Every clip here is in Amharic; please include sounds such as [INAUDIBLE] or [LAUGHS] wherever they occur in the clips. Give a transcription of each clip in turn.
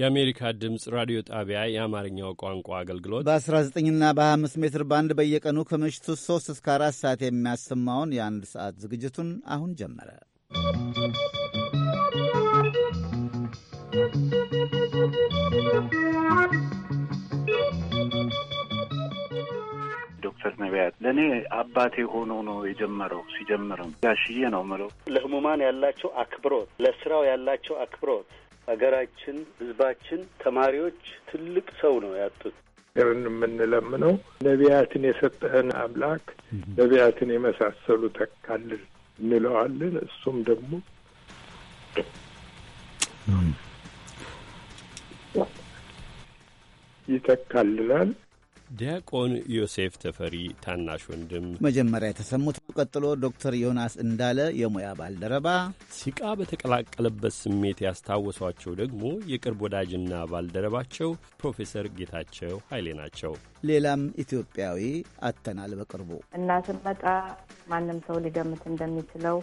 የአሜሪካ ድምፅ ራዲዮ ጣቢያ የአማርኛው ቋንቋ አገልግሎት በ19ና በ25 ሜትር ባንድ በየቀኑ ከምሽቱ 3 እስከ 4 ሰዓት የሚያሰማውን የአንድ ሰዓት ዝግጅቱን አሁን ጀመረ። ዶክተር ነቢያት ለእኔ አባቴ ሆኖ ነው የጀመረው። ሲጀምርም ጋሽዬ ነው ምለው። ለህሙማን ያላቸው አክብሮት፣ ለስራው ያላቸው አክብሮት ሀገራችን፣ ህዝባችን፣ ተማሪዎች ትልቅ ሰው ነው ያጡት። ርን የምንለምነው ነቢያትን የሰጠህን አምላክ ነቢያትን የመሳሰሉ ተካልል እንለዋለን። እሱም ደግሞ ይተካልናል። ዲያቆን ዮሴፍ ተፈሪ ታናሽ ወንድም መጀመሪያ የተሰሙት፣ ቀጥሎ ዶክተር ዮናስ እንዳለ የሙያ ባልደረባ፣ ሲቃ በተቀላቀለበት ስሜት ያስታወሷቸው ደግሞ የቅርብ ወዳጅና ባልደረባቸው ፕሮፌሰር ጌታቸው ኃይሌ ናቸው። ሌላም ኢትዮጵያዊ አተናል በቅርቡ እና ስመጣ ማንም ሰው ሊገምት እንደሚችለው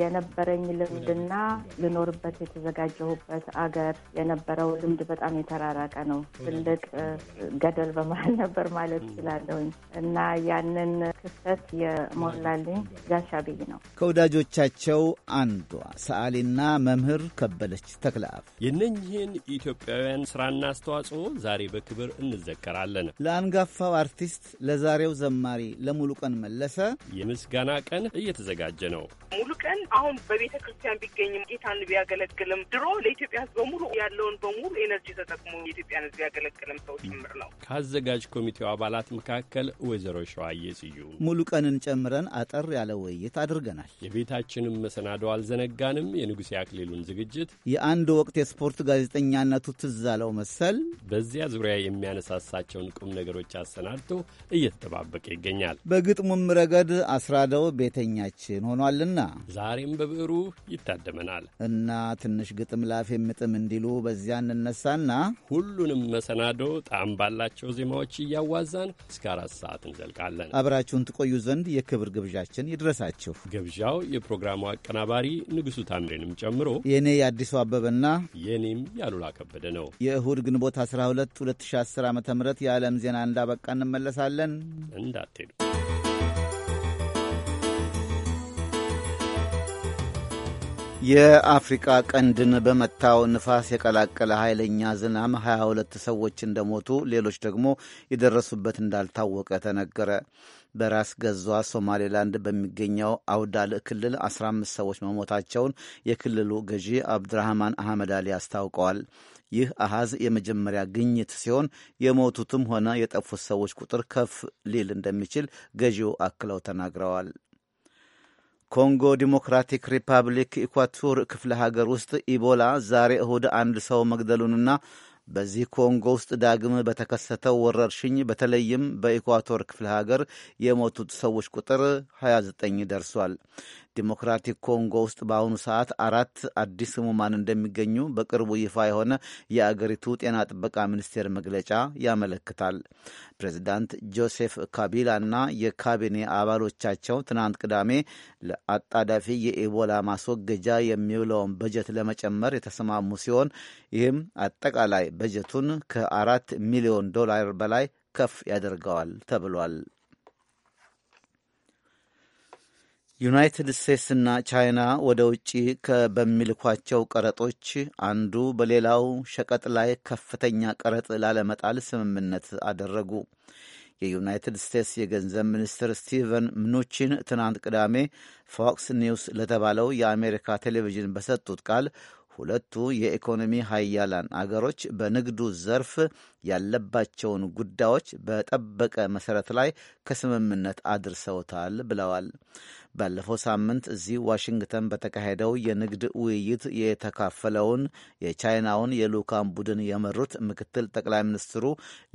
የነበረኝ ልምድና ልኖርበት የተዘጋጀሁበት አገር የነበረው ልምድ በጣም የተራራቀ ነው። ትልቅ ገደል በመሀል ነበር ማለት እችላለሁኝ እና ያንን ክፍተት የሞላልኝ ብይ ነው። ከወዳጆቻቸው አንዷ ሰዓሊና መምህር ከበለች ተክለአብ የእነኝህን ኢትዮጵያውያን ስራና አስተዋጽኦ ዛሬ በክብር እንዘከራለን። ለአንጋፋው አርቲስት ለዛሬው ዘማሪ ለሙሉቀን መለሰ የምስጋና ቀን እየተዘጋጀ ነው። ሙሉቀን ግን አሁን በቤተ ክርስቲያን ቢገኝም ጌታን ቢያገለግልም ድሮ ለኢትዮጵያ ሕዝብ በሙሉ ያለውን በሙሉ ኤነርጂ ተጠቅሞ የኢትዮጵያን ሕዝብ ያገለግልም ሰው ጭምር ነው። ከአዘጋጅ ኮሚቴው አባላት መካከል ወይዘሮ ሸዋዬ ስዩም ሙሉ ቀንን ጨምረን አጠር ያለ ውይይት አድርገናል። የቤታችንም መሰናዶ አልዘነጋንም። የንጉሴ አክሊሉን ዝግጅት የአንድ ወቅት የስፖርት ጋዜጠኛነቱ ትዝ አለው መሰል በዚያ ዙሪያ የሚያነሳሳቸውን ቁም ነገሮች አሰናድቶ እየተጠባበቀ ይገኛል። በግጥሙም ረገድ አስራደው ቤተኛችን ሆኗልና ዛሬም በብዕሩ ይታደመናል እና ትንሽ ግጥም ላፍ የምጥም እንዲሉ በዚያ እንነሳና ሁሉንም መሰናዶ ጣዕም ባላቸው ዜማዎች እያዋዛን እስከ አራት ሰዓት እንዘልቃለን። አብራችሁን ትቆዩ ዘንድ የክብር ግብዣችን ይድረሳችሁ። ግብዣው የፕሮግራሙ አቀናባሪ ንጉሡ ታምሬንም ጨምሮ የእኔ የአዲሱ አበበና የእኔም ያሉላ ከበደ ነው። የእሁድ ግንቦት 12 2010 ዓ ም የዓለም ዜና እንዳበቃ እንመለሳለን። እንዳትሄዱ። የአፍሪቃ ቀንድን በመታው ንፋስ የቀላቀለ ኃይለኛ ዝናም 22 ሰዎች እንደሞቱ ሌሎች ደግሞ የደረሱበት እንዳልታወቀ ተነገረ። በራስ ገዟ ሶማሌላንድ በሚገኘው አውዳል ክልል 15 ሰዎች መሞታቸውን የክልሉ ገዢ አብድራህማን አህመድ አሊ አስታውቀዋል። ይህ አሃዝ የመጀመሪያ ግኝት ሲሆን የሞቱትም ሆነ የጠፉት ሰዎች ቁጥር ከፍ ሊል እንደሚችል ገዢው አክለው ተናግረዋል። ኮንጎ ዲሞክራቲክ ሪፐብሊክ ኢኳቶር ክፍለ ሀገር ውስጥ ኢቦላ ዛሬ እሁድ አንድ ሰው መግደሉንና በዚህ ኮንጎ ውስጥ ዳግም በተከሰተው ወረርሽኝ በተለይም በኢኳቶር ክፍለ ሀገር የሞቱት ሰዎች ቁጥር 29 ደርሷል። ዲሞክራቲክ ኮንጎ ውስጥ በአሁኑ ሰዓት አራት አዲስ ህሙማን እንደሚገኙ በቅርቡ ይፋ የሆነ የአገሪቱ ጤና ጥበቃ ሚኒስቴር መግለጫ ያመለክታል። ፕሬዚዳንት ጆሴፍ ካቢላና የካቢኔ አባሎቻቸው ትናንት ቅዳሜ ለአጣዳፊ የኢቦላ ማስወገጃ የሚውለውን በጀት ለመጨመር የተስማሙ ሲሆን ይህም አጠቃላይ በጀቱን ከአራት ሚሊዮን ዶላር በላይ ከፍ ያደርገዋል ተብሏል። ዩናይትድ ስቴትስና ቻይና ወደ ውጭ በሚልኳቸው ቀረጦች አንዱ በሌላው ሸቀጥ ላይ ከፍተኛ ቀረጥ ላለመጣል ስምምነት አደረጉ። የዩናይትድ ስቴትስ የገንዘብ ሚኒስትር ስቲቨን ምኑቺን ትናንት ቅዳሜ ፎክስ ኒውስ ለተባለው የአሜሪካ ቴሌቪዥን በሰጡት ቃል ሁለቱ የኢኮኖሚ ሀያላን አገሮች በንግዱ ዘርፍ ያለባቸውን ጉዳዮች በጠበቀ መሰረት ላይ ከስምምነት አድርሰውታል ብለዋል። ባለፈው ሳምንት እዚህ ዋሽንግተን በተካሄደው የንግድ ውይይት የተካፈለውን የቻይናውን የልዑካን ቡድን የመሩት ምክትል ጠቅላይ ሚኒስትሩ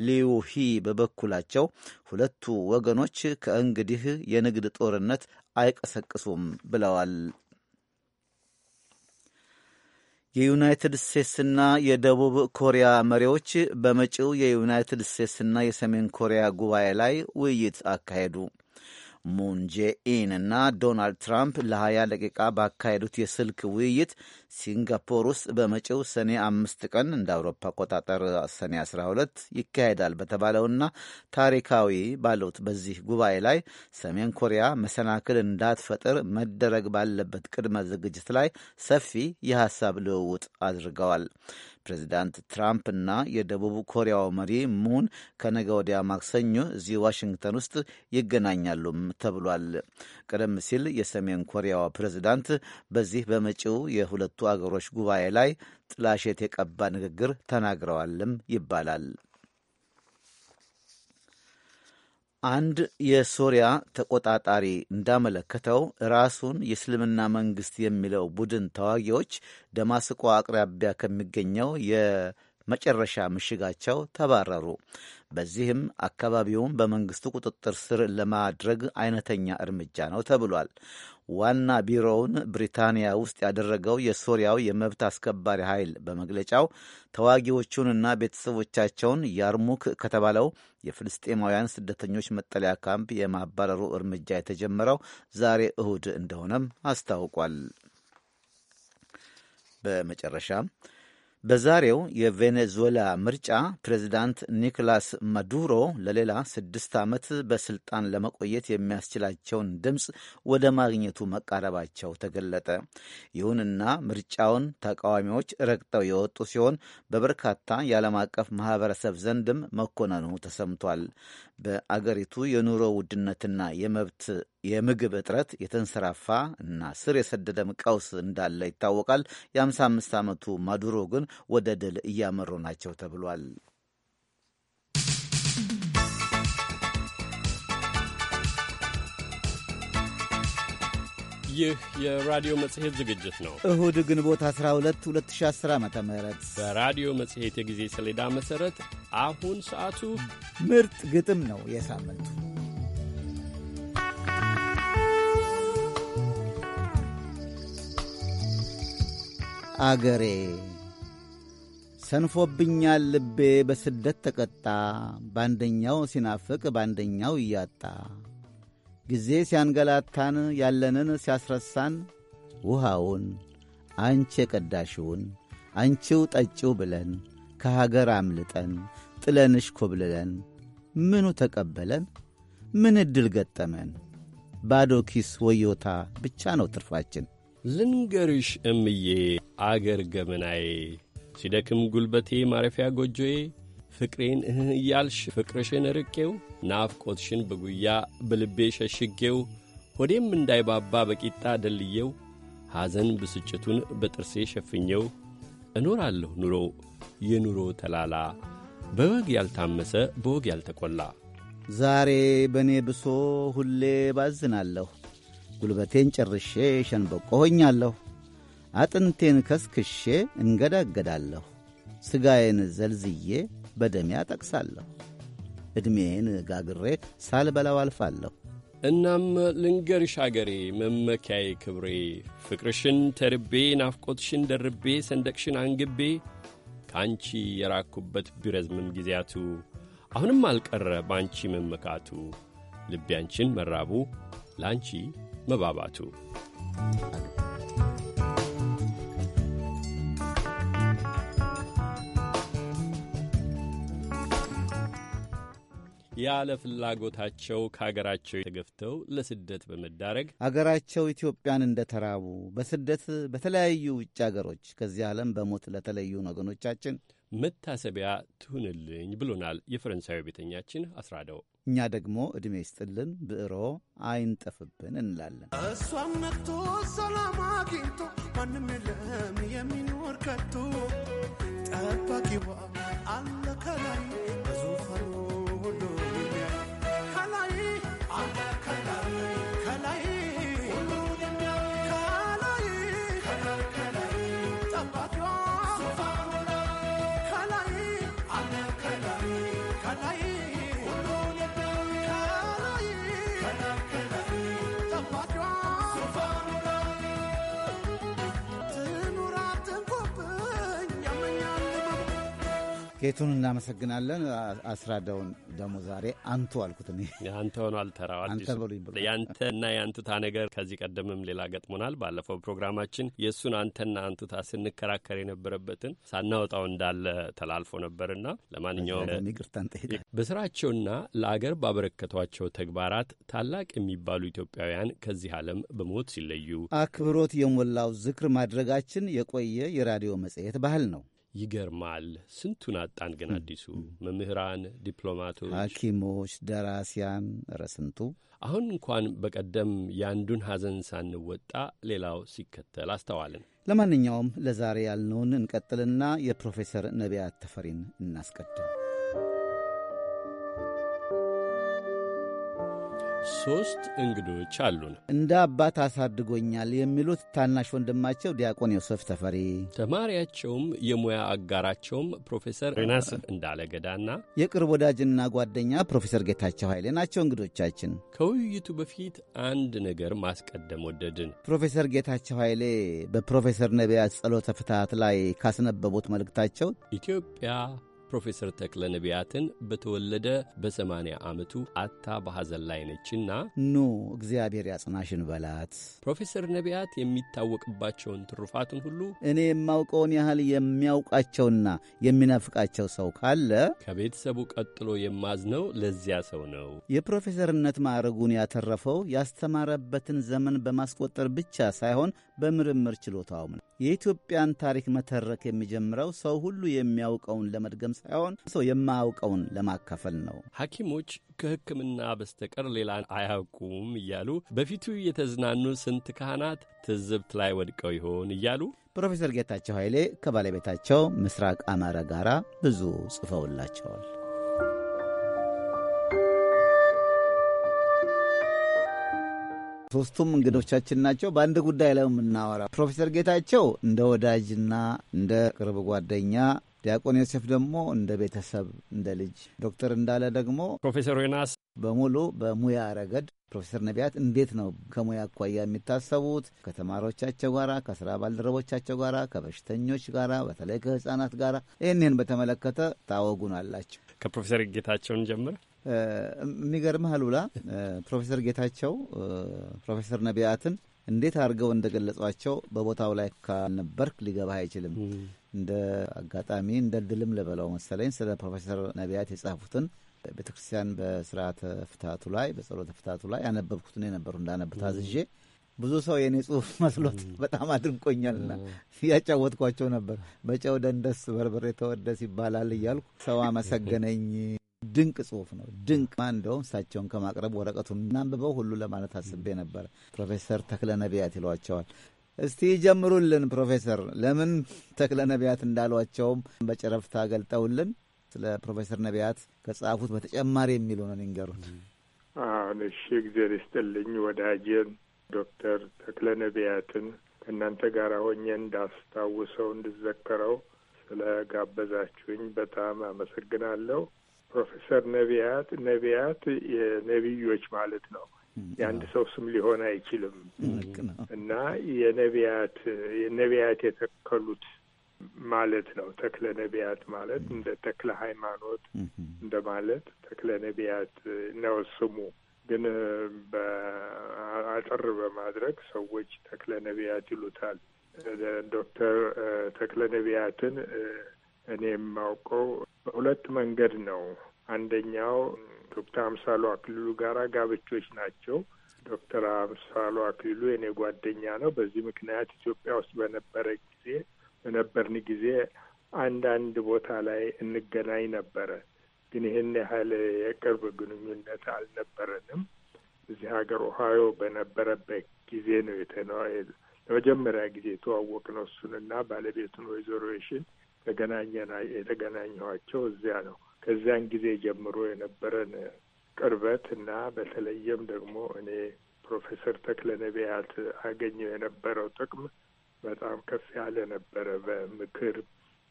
ሊዩሂ በበኩላቸው ሁለቱ ወገኖች ከእንግዲህ የንግድ ጦርነት አይቀሰቅሱም ብለዋል። የዩናይትድ ስቴትስና የደቡብ ኮሪያ መሪዎች በመጪው የዩናይትድ ስቴትስና የሰሜን ኮሪያ ጉባኤ ላይ ውይይት አካሄዱ። ሙንጄኢን እና ዶናልድ ትራምፕ ለ20 ደቂቃ ባካሄዱት የስልክ ውይይት ሲንጋፖር ውስጥ በመጪው ሰኔ አምስት ቀን እንደ አውሮፓ አቆጣጠር ሰኔ 12 ይካሄዳል በተባለውና ታሪካዊ ባሉት በዚህ ጉባኤ ላይ ሰሜን ኮሪያ መሰናክል እንዳትፈጥር መደረግ ባለበት ቅድመ ዝግጅት ላይ ሰፊ የሐሳብ ልውውጥ አድርገዋል። ፕሬዚዳንት ትራምፕ እና የደቡብ ኮሪያው መሪ ሙን ከነገ ወዲያ ማክሰኞ እዚህ ዋሽንግተን ውስጥ ይገናኛሉም ተብሏል። ቀደም ሲል የሰሜን ኮሪያው ፕሬዚዳንት በዚህ በመጪው የሁለቱ አገሮች ጉባኤ ላይ ጥላሸት የቀባ ንግግር ተናግረዋልም ይባላል። አንድ የሶሪያ ተቆጣጣሪ እንዳመለከተው ራሱን የእስልምና መንግስት የሚለው ቡድን ተዋጊዎች ደማስቆ አቅራቢያ ከሚገኘው መጨረሻ ምሽጋቸው ተባረሩ። በዚህም አካባቢውን በመንግስቱ ቁጥጥር ስር ለማድረግ አይነተኛ እርምጃ ነው ተብሏል። ዋና ቢሮውን ብሪታንያ ውስጥ ያደረገው የሶሪያው የመብት አስከባሪ ኃይል በመግለጫው ተዋጊዎቹንና ቤተሰቦቻቸውን ያርሙክ ከተባለው የፍልስጤማውያን ስደተኞች መጠለያ ካምፕ የማባረሩ እርምጃ የተጀመረው ዛሬ እሁድ እንደሆነም አስታውቋል። በመጨረሻም በዛሬው የቬኔዙዌላ ምርጫ ፕሬዚዳንት ኒኮላስ ማዱሮ ለሌላ ስድስት ዓመት በስልጣን ለመቆየት የሚያስችላቸውን ድምፅ ወደ ማግኘቱ መቃረባቸው ተገለጠ። ይሁንና ምርጫውን ተቃዋሚዎች ረግጠው የወጡ ሲሆን በበርካታ የዓለም አቀፍ ማህበረሰብ ዘንድም መኮነኑ ተሰምቷል። በአገሪቱ የኑሮ ውድነትና የመብት የምግብ እጥረት የተንሰራፋ እና ስር የሰደደም ቀውስ እንዳለ ይታወቃል። የ55 ዓመቱ ማዱሮ ግን ወደ ድል እያመሩ ናቸው ተብሏል። ይህ የራዲዮ መጽሔት ዝግጅት ነው። እሁድ ግንቦት 12 2010 ዓ ም በራዲዮ መጽሔት የጊዜ ሰሌዳ መሠረት አሁን ሰዓቱ ምርጥ ግጥም ነው። የሳምንቱ አገሬ ሰንፎብኛል ልቤ በስደት ተቀጣ፣ በአንደኛው ሲናፍቅ በአንደኛው እያጣ ጊዜ ሲያንገላታን ያለንን ሲያስረሳን ውሃውን አንቺ የቀዳሽውን አንቺው ጠጪው ብለን ከሀገር አምልጠን ጥለንሽ ኮብልለን ምኑ ተቀበለን? ምን ዕድል ገጠመን? ባዶ ኪስ ወዮታ ብቻ ነው ትርፋችን። ልንገርሽ እምዬ አገር ገመናዬ ሲደክም ጉልበቴ ማረፊያ ጎጆዬ ፍቅሬን እህ እያልሽ ፍቅርሽን ርቄው ናፍቆትሽን በጉያ በልቤ ሸሽጌው ሆዴም እንዳይባባ በቂጣ ደልየው ሐዘን ብስጭቱን በጥርሴ ሸፍኘው እኖራለሁ ኑሮ የኑሮ ተላላ በወግ ያልታመሰ በወግ ያልተቈላ ዛሬ በእኔ ብሶ ሁሌ ባዝናለሁ ጉልበቴን ጨርሼ ሸንበቆ ሆኛለሁ አጥንቴን ከስክሼ እንገዳገዳለሁ ሥጋዬን ዘልዝዬ በደሜ አጠቅሳለሁ። ዕድሜዬን ጋግሬ ሳልበላው አልፋለሁ። እናም ልንገርሽ አገሬ፣ መመኪያዬ፣ ክብሬ፣ ፍቅርሽን ተርቤ፣ ናፍቆትሽን ደርቤ፣ ሰንደቅሽን አንግቤ ከአንቺ የራኩበት ቢረዝምም ጊዜያቱ አሁንም አልቀረ በአንቺ መመካቱ ልቤ አንቺን መራቡ ለአንቺ መባባቱ ያለ ፍላጎታቸው ከአገራቸው ተገፍተው ለስደት በመዳረግ አገራቸው ኢትዮጵያን እንደተራቡ በስደት በተለያዩ ውጭ አገሮች ከዚህ ዓለም በሞት ለተለዩን ወገኖቻችን መታሰቢያ ትሁንልኝ ብሎናል የፈረንሳዊ ቤተኛችን አስራደው። እኛ ደግሞ ዕድሜ ይስጥልን ብዕሮ አይንጠፍብን እንላለን። እሷም ነቅቶ ሰላም አግኝቶ ማንም የለም የሚኖር ከቶ ጠባቂዋ አለ ከላይ ጌቱን እናመሰግናለን። አስራዳውን ደግሞ ዛሬ አንቱ አልኩት አንተ ሆኖ አልተራው ያንተና የአንቱታ ነገር ከዚህ ቀደምም ሌላ ገጥሞናል። ባለፈው ፕሮግራማችን የእሱን አንተና አንቱታ ስንከራከር የነበረበትን ሳናወጣው እንዳለ ተላልፎ ነበርና ለማንኛውም ይቅርታን በስራቸውና ለአገር ባበረከቷቸው ተግባራት ታላቅ የሚባሉ ኢትዮጵያውያን ከዚህ ዓለም በሞት ሲለዩ አክብሮት የሞላው ዝክር ማድረጋችን የቆየ የራዲዮ መጽሔት ባህል ነው። ይገርማል። ስንቱን አጣን ግን አዲሱ መምህራን፣ ዲፕሎማቶች፣ ሐኪሞች፣ ደራሲያን ረስንቱ ስንቱ። አሁን እንኳን በቀደም የአንዱን ሐዘን ሳንወጣ ሌላው ሲከተል አስተዋልን። ለማንኛውም ለዛሬ ያልነውን እንቀጥልና የፕሮፌሰር ነቢያት ተፈሪን እናስቀድም። ሦስት እንግዶች አሉን። እንደ አባት አሳድጎኛል የሚሉት ታናሽ ወንድማቸው ዲያቆን ዮሴፍ ተፈሪ፣ ተማሪያቸውም የሙያ አጋራቸውም ፕሮፌሰር ሬናስ እንዳለገዳና የቅርብ ወዳጅና ጓደኛ ፕሮፌሰር ጌታቸው ኃይሌ ናቸው እንግዶቻችን። ከውይይቱ በፊት አንድ ነገር ማስቀደም ወደድን። ፕሮፌሰር ጌታቸው ኃይሌ በፕሮፌሰር ነቢያት ጸሎተ ፍትሐት ላይ ካስነበቡት መልእክታቸው ኢትዮጵያ ፕሮፌሰር ተክለ ነቢያትን በተወለደ በሰማንያ ዓመቱ አታ በሐዘን ላይ ነችና ኖ እግዚአብሔር ያጽናሽን በላት። ፕሮፌሰር ነቢያት የሚታወቅባቸውን ትሩፋቱን ሁሉ እኔ የማውቀውን ያህል የሚያውቃቸውና የሚነፍቃቸው ሰው ካለ ከቤተሰቡ ቀጥሎ የማዝነው ለዚያ ሰው ነው። የፕሮፌሰርነት ማዕረጉን ያተረፈው ያስተማረበትን ዘመን በማስቆጠር ብቻ ሳይሆን በምርምር ችሎታውም ነው። የኢትዮጵያን ታሪክ መተረክ የሚጀምረው ሰው ሁሉ የሚያውቀውን ለመድገም ሳይሆን ሰው የማያውቀውን ለማካፈል ነው። ሐኪሞች ከሕክምና በስተቀር ሌላ አያውቁም እያሉ በፊቱ የተዝናኑ ስንት ካህናት ትዝብት ላይ ወድቀው ይሆን እያሉ ፕሮፌሰር ጌታቸው ኃይሌ ከባለቤታቸው ምስራቅ አማረ ጋር ብዙ ጽፈውላቸዋል። ሶስቱም እንግዶቻችን ናቸው። በአንድ ጉዳይ ላይ የምናወራ ፕሮፌሰር ጌታቸው እንደ ወዳጅና እንደ ቅርብ ጓደኛ ዲያቆን ዮሴፍ ደግሞ እንደ ቤተሰብ እንደ ልጅ፣ ዶክተር እንዳለ ደግሞ ፕሮፌሰር ዮናስ በሙሉ በሙያ ረገድ ፕሮፌሰር ነቢያት እንዴት ነው ከሙያ አኳያ የሚታሰቡት? ከተማሪዎቻቸው ጋራ፣ ከስራ ባልደረቦቻቸው ጋራ፣ ከበሽተኞች ጋራ፣ በተለይ ከህጻናት ጋራ ይህንን በተመለከተ ታወጉን አላቸው። ከፕሮፌሰር ጌታቸውን ጀምር። የሚገርምህ አሉላ ፕሮፌሰር ጌታቸው ፕሮፌሰር ነቢያትን እንዴት አድርገው እንደገለጿቸው በቦታው ላይ ካልነበርክ ሊገባህ አይችልም። እንደ አጋጣሚ እንደ ድልም ልበለው መሰለኝ ስለ ፕሮፌሰር ነቢያት የጻፉትን ቤተ ክርስቲያን በስርዓተ ፍታቱ ላይ በጸሎተ ፍታቱ ላይ ያነበብኩትን የነበሩ እንዳነብ ታዝዤ ብዙ ሰው የእኔ ጽሁፍ [LAUGHS] መስሎት በጣም አድንቆኛልና እያጫወትኳቸው ነበር። በጨው ደንደስ በርበሬ ተወደስ ይባላል እያልኩ ሰው አመሰገነኝ። ድንቅ ጽሁፍ ነው። ድንቅ እንደውም እሳቸውን ከማቅረብ ወረቀቱን እናንብበው ሁሉ ለማለት አስቤ ነበር። ፕሮፌሰር ተክለ ነቢያት ይሏቸዋል። እስቲ ጀምሩልን ፕሮፌሰር። ለምን ተክለ ነቢያት እንዳሏቸውም በጨረፍታ ገልጠውልን ስለ ፕሮፌሰር ነቢያት ከጻፉት በተጨማሪ የሚሉንን ይንገሩን። አሁን እሺ፣ እግዜር ይስጥልኝ ወዳጄን ዶክተር ተክለ ነቢያትን ከእናንተ ጋር ሆኜ እንዳስታውሰው እንድዘከረው ስለ ጋበዛችሁኝ በጣም አመሰግናለሁ። ፕሮፌሰር ነቢያት ነቢያት የነቢዮች ማለት ነው። የአንድ ሰው ስም ሊሆን አይችልም እና የነቢያት የነቢያት የተከሉት ማለት ነው። ተክለ ነቢያት ማለት እንደ ተክለ ሃይማኖት እንደ ማለት ተክለ ነቢያት ነው ስሙ። ግን በአጠር በማድረግ ሰዎች ተክለ ነቢያት ይሉታል። ዶክተር ተክለ ነቢያትን እኔ የማውቀው በሁለት መንገድ ነው። አንደኛው ዶክተር አምሳሉ አክሊሉ ጋር ጋብቾች ናቸው። ዶክተር አምሳሉ አክሊሉ የኔ ጓደኛ ነው። በዚህ ምክንያት ኢትዮጵያ ውስጥ በነበረ ጊዜ በነበርን ጊዜ አንዳንድ ቦታ ላይ እንገናኝ ነበረ። ግን ይህን ያህል የቅርብ ግንኙነት አልነበረንም። እዚህ ሀገር ኦሃዮ በነበረበት ጊዜ ነው የተነ ለመጀመሪያ ጊዜ የተዋወቅ ነው እሱንና ባለቤቱን ወይዘሮ ተገናኘና የተገናኘኋቸው እዚያ ነው። ከዚያን ጊዜ ጀምሮ የነበረን ቅርበት እና በተለየም ደግሞ እኔ ፕሮፌሰር ተክለ ነቢያት አገኘው የነበረው ጥቅም በጣም ከፍ ያለ ነበረ። በምክር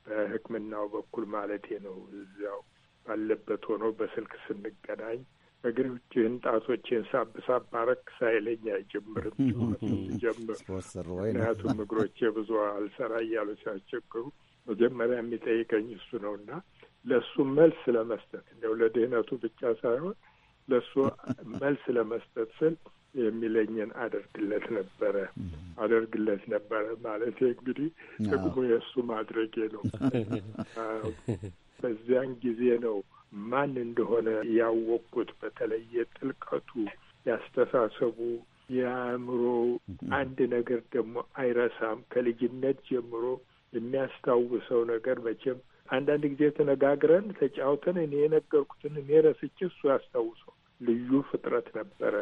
በሕክምናው በኩል ማለቴ ነው። እዚያው ባለበት ሆኖ በስልክ ስንገናኝ እግሮችህን ጣቶችን ሳብ ሳብ ማረግ ሳይለኝ አይጀምርም ጀምር። ምክንያቱም እግሮቼ ብዙ አልሰራ እያሉ ሲያስቸግሩ መጀመሪያ የሚጠይቀኝ እሱ ነው እና ለእሱ መልስ ለመስጠት እንዲያው ለድህነቱ ብቻ ሳይሆን ለእሱ መልስ ለመስጠት ስል የሚለኝን አደርግለት ነበረ አደርግለት ነበረ ማለት እንግዲህ ደግሞ የእሱ ማድረጌ ነው። በዚያን ጊዜ ነው ማን እንደሆነ ያወቅኩት። በተለየ ጥልቀቱ፣ ያስተሳሰቡ፣ የአእምሮ አንድ ነገር ደግሞ አይረሳም። ከልጅነት ጀምሮ የሚያስታውሰው ነገር መቼም አንዳንድ ጊዜ ተነጋግረን ተጫውተን እኔ የነገርኩትን እኔ ረስቼ እሱ ያስታውሰው ልዩ ፍጥረት ነበረ።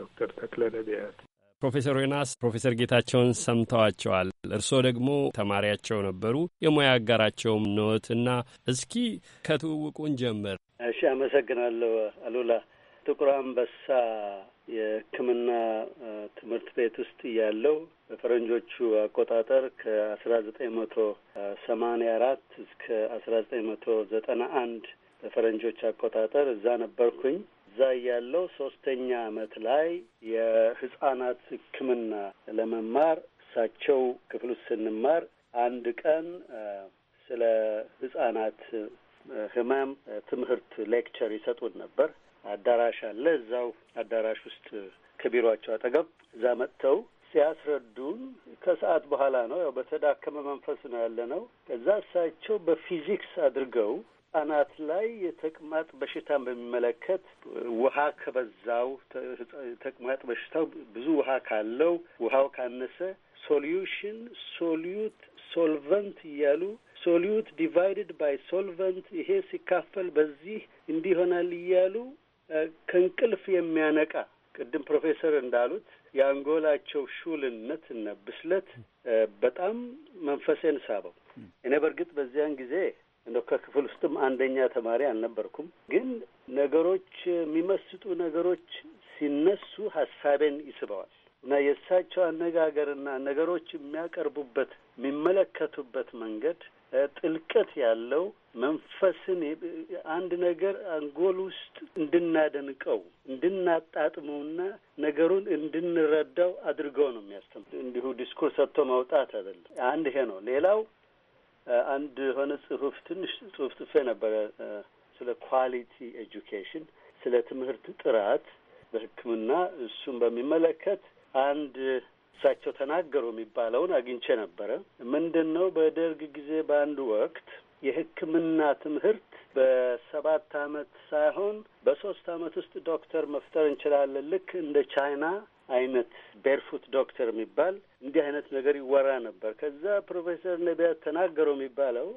ዶክተር ተክለ ነቢያት ፕሮፌሰር ዮናስ ፕሮፌሰር ጌታቸውን ሰምተዋቸዋል። እርስዎ ደግሞ ተማሪያቸው ነበሩ፣ የሙያ አጋራቸውም ኖት እና እስኪ ከትውውቁን ጀምር። እሺ፣ አመሰግናለሁ አሉላ። ጥቁር አንበሳ የሕክምና ትምህርት ቤት ውስጥ እያለሁ በፈረንጆቹ አቆጣጠር ከአስራ ዘጠኝ መቶ ሰማኒያ አራት እስከ አስራ ዘጠኝ መቶ ዘጠና አንድ በፈረንጆች አቆጣጠር እዛ ነበርኩኝ። እዛ እያለሁ ሶስተኛ አመት ላይ የህጻናት ሕክምና ለመማር እሳቸው ክፍል ውስጥ ስንማር አንድ ቀን ስለ ህጻናት ህመም ትምህርት ሌክቸር ይሰጡን ነበር። አዳራሽ አለ። እዛው አዳራሽ ውስጥ ከቢሮቸው አጠገብ እዛ መጥተው ሲያስረዱን ከሰዓት በኋላ ነው። ያው በተዳከመ መንፈስ ነው ያለ ነው። ከዛ እሳቸው በፊዚክስ አድርገው ህጻናት ላይ የተቅማጥ በሽታን በሚመለከት ውሃ ከበዛው ተቅማጥ በሽታው ብዙ ውሃ ካለው ውሃው ካነሰ ሶሉሽን ሶሉት ሶልቨንት እያሉ ሶሉት ዲቫይድድ ባይ ሶልቨንት ይሄ ሲካፈል በዚህ እንዲህ ይሆናል እያሉ ከእንቅልፍ የሚያነቃ ቅድም ፕሮፌሰር እንዳሉት የአንጎላቸው ሹልነት እና ብስለት በጣም መንፈሴን ሳበው። እኔ በእርግጥ በዚያን ጊዜ እንደ ከክፍል ውስጥም አንደኛ ተማሪ አልነበርኩም። ግን ነገሮች የሚመስጡ ነገሮች ሲነሱ ሀሳቤን ይስበዋል እና የእሳቸው አነጋገርና ነገሮች የሚያቀርቡበት የሚመለከቱበት መንገድ ጥልቀት ያለው መንፈስን አንድ ነገር አንጎል ውስጥ እንድናደንቀው እንድናጣጥመውና ነገሩን እንድንረዳው አድርገው ነው የሚያስተምሩ። እንዲሁ ዲስኩር ሰጥቶ ማውጣት አይደለም። አንድ ይሄ ነው። ሌላው አንድ የሆነ ጽሁፍ ትንሽ ጽሁፍ ጽፌ ነበረ ስለ ኳሊቲ ኤጁኬሽን፣ ስለ ትምህርት ጥራት በሕክምና እሱን በሚመለከት አንድ እሳቸው ተናገሩ የሚባለውን አግኝቼ ነበረ። ምንድን ነው በደርግ ጊዜ በአንድ ወቅት የሕክምና ትምህርት በሰባት አመት ሳይሆን በሶስት አመት ውስጥ ዶክተር መፍጠር እንችላለን ልክ እንደ ቻይና አይነት ቤርፉት ዶክተር የሚባል እንዲህ አይነት ነገር ይወራ ነበር። ከዛ ፕሮፌሰር ነቢያት ተናገሩ የሚባለው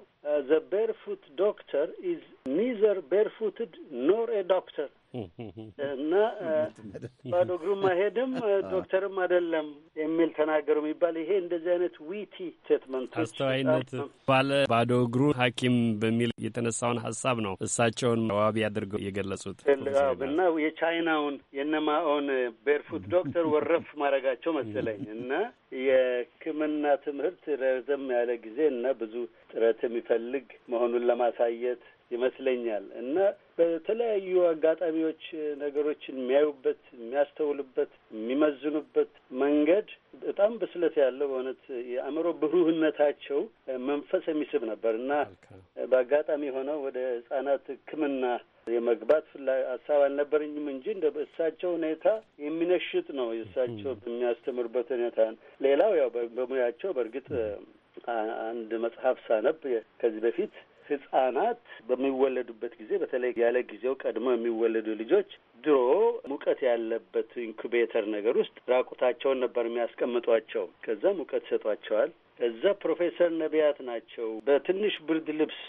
ዘ ቤርፉት ዶክተር ኢዝ ኒዘር ቤርፉትድ ኖር ኤ ዶክተር እና ባዶ እግሩም መሄድም ዶክተርም አይደለም የሚል ተናገሩ የሚባል ይሄ እንደዚህ አይነት ዊቲ ስቴትመንቶች አስተዋይነት ባለ ባዶ እግሩ ሐኪም በሚል የተነሳውን ሀሳብ ነው እሳቸውን ዋቢ አድርገው የገለጹት እና የቻይናውን የነማኦን ቤርፉት ዶክተር ወረፍ ማድረጋቸው መሰለኝ እና የሕክምና ትምህርት ረዘም ያለ ጊዜ እና ብዙ ጥረት የሚፈልግ መሆኑን ለማሳየት ይመስለኛል እና በተለያዩ አጋጣሚዎች ነገሮችን የሚያዩበት፣ የሚያስተውልበት፣ የሚመዝኑበት መንገድ በጣም ብስለት ያለው በእውነት የአእምሮ ብሩህነታቸው መንፈስ የሚስብ ነበር እና በአጋጣሚ ሆነው ወደ ህጻናት ሕክምና የመግባት ፍላ ሀሳብ አልነበረኝም እንጂ እንደ እሳቸው ሁኔታ የሚነሽጥ ነው የእሳቸው በሚያስተምርበት ሁኔታ። ሌላው ያው በሙያቸው በእርግጥ አንድ መጽሐፍ ሳነብ ከዚህ በፊት ህጻናት በሚወለዱበት ጊዜ በተለይ ያለ ጊዜው ቀድሞ የሚወለዱ ልጆች ድሮ ሙቀት ያለበት ኢንኩቤተር ነገር ውስጥ ራቁታቸውን ነበር የሚያስቀምጧቸው። ከዛ ሙቀት ይሰጧቸዋል። እዛ ፕሮፌሰር ነቢያት ናቸው በትንሽ ብርድ ልብስ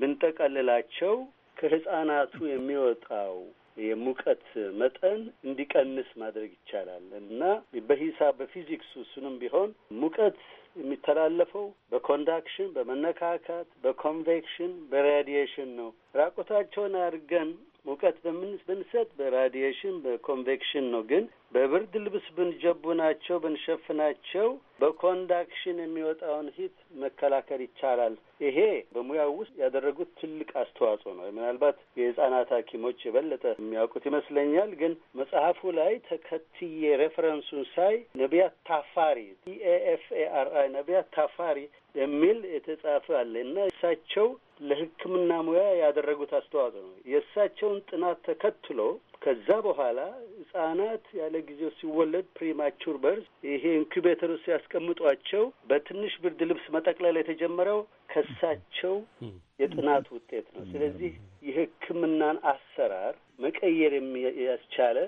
ብንጠቀልላቸው ከህጻናቱ የሚወጣው የሙቀት መጠን እንዲቀንስ ማድረግ ይቻላል እና በሂሳብ በፊዚክስ እሱንም ቢሆን ሙቀት የሚተላለፈው በኮንዳክሽን፣ በመነካካት፣ በኮንቬክሽን፣ በራዲዬሽን ነው። ራቁታቸውን አድርገን ሙቀት ብንሰጥ በራዲዬሽን በኮንቬክሽን ነው። ግን በብርድ ልብስ ብንጀቡናቸው ብንሸፍናቸው በኮንዳክሽን የሚወጣውን ሂት መከላከል ይቻላል። ይሄ በሙያው ውስጥ ያደረጉት ትልቅ አስተዋጽኦ ነው። ምናልባት የህጻናት ሐኪሞች የበለጠ የሚያውቁት ይመስለኛል። ግን መጽሐፉ ላይ ተከትዬ ሬፈረንሱን ሳይ ነቢያት ታፋሪ ቲኤኤፍኤአርአይ ነቢያት ታፋሪ የሚል የተጻፈ አለ እና እሳቸው ለሕክምና ሙያ ያደረጉት አስተዋጽኦ ነው። የእሳቸውን ጥናት ተከትሎ ከዛ በኋላ ህጻናት ያለ ጊዜው ሲወለድ ፕሪማቹር በርዝ ይሄ ኢንኩቤተር ውስጥ ሲያስቀምጧቸው በትንሽ ብርድ ልብስ መጠቅለል የተጀመረው ከሳቸው የጥናት ውጤት ነው። ስለዚህ የህክምናን አሰራር መቀየር ያስቻለ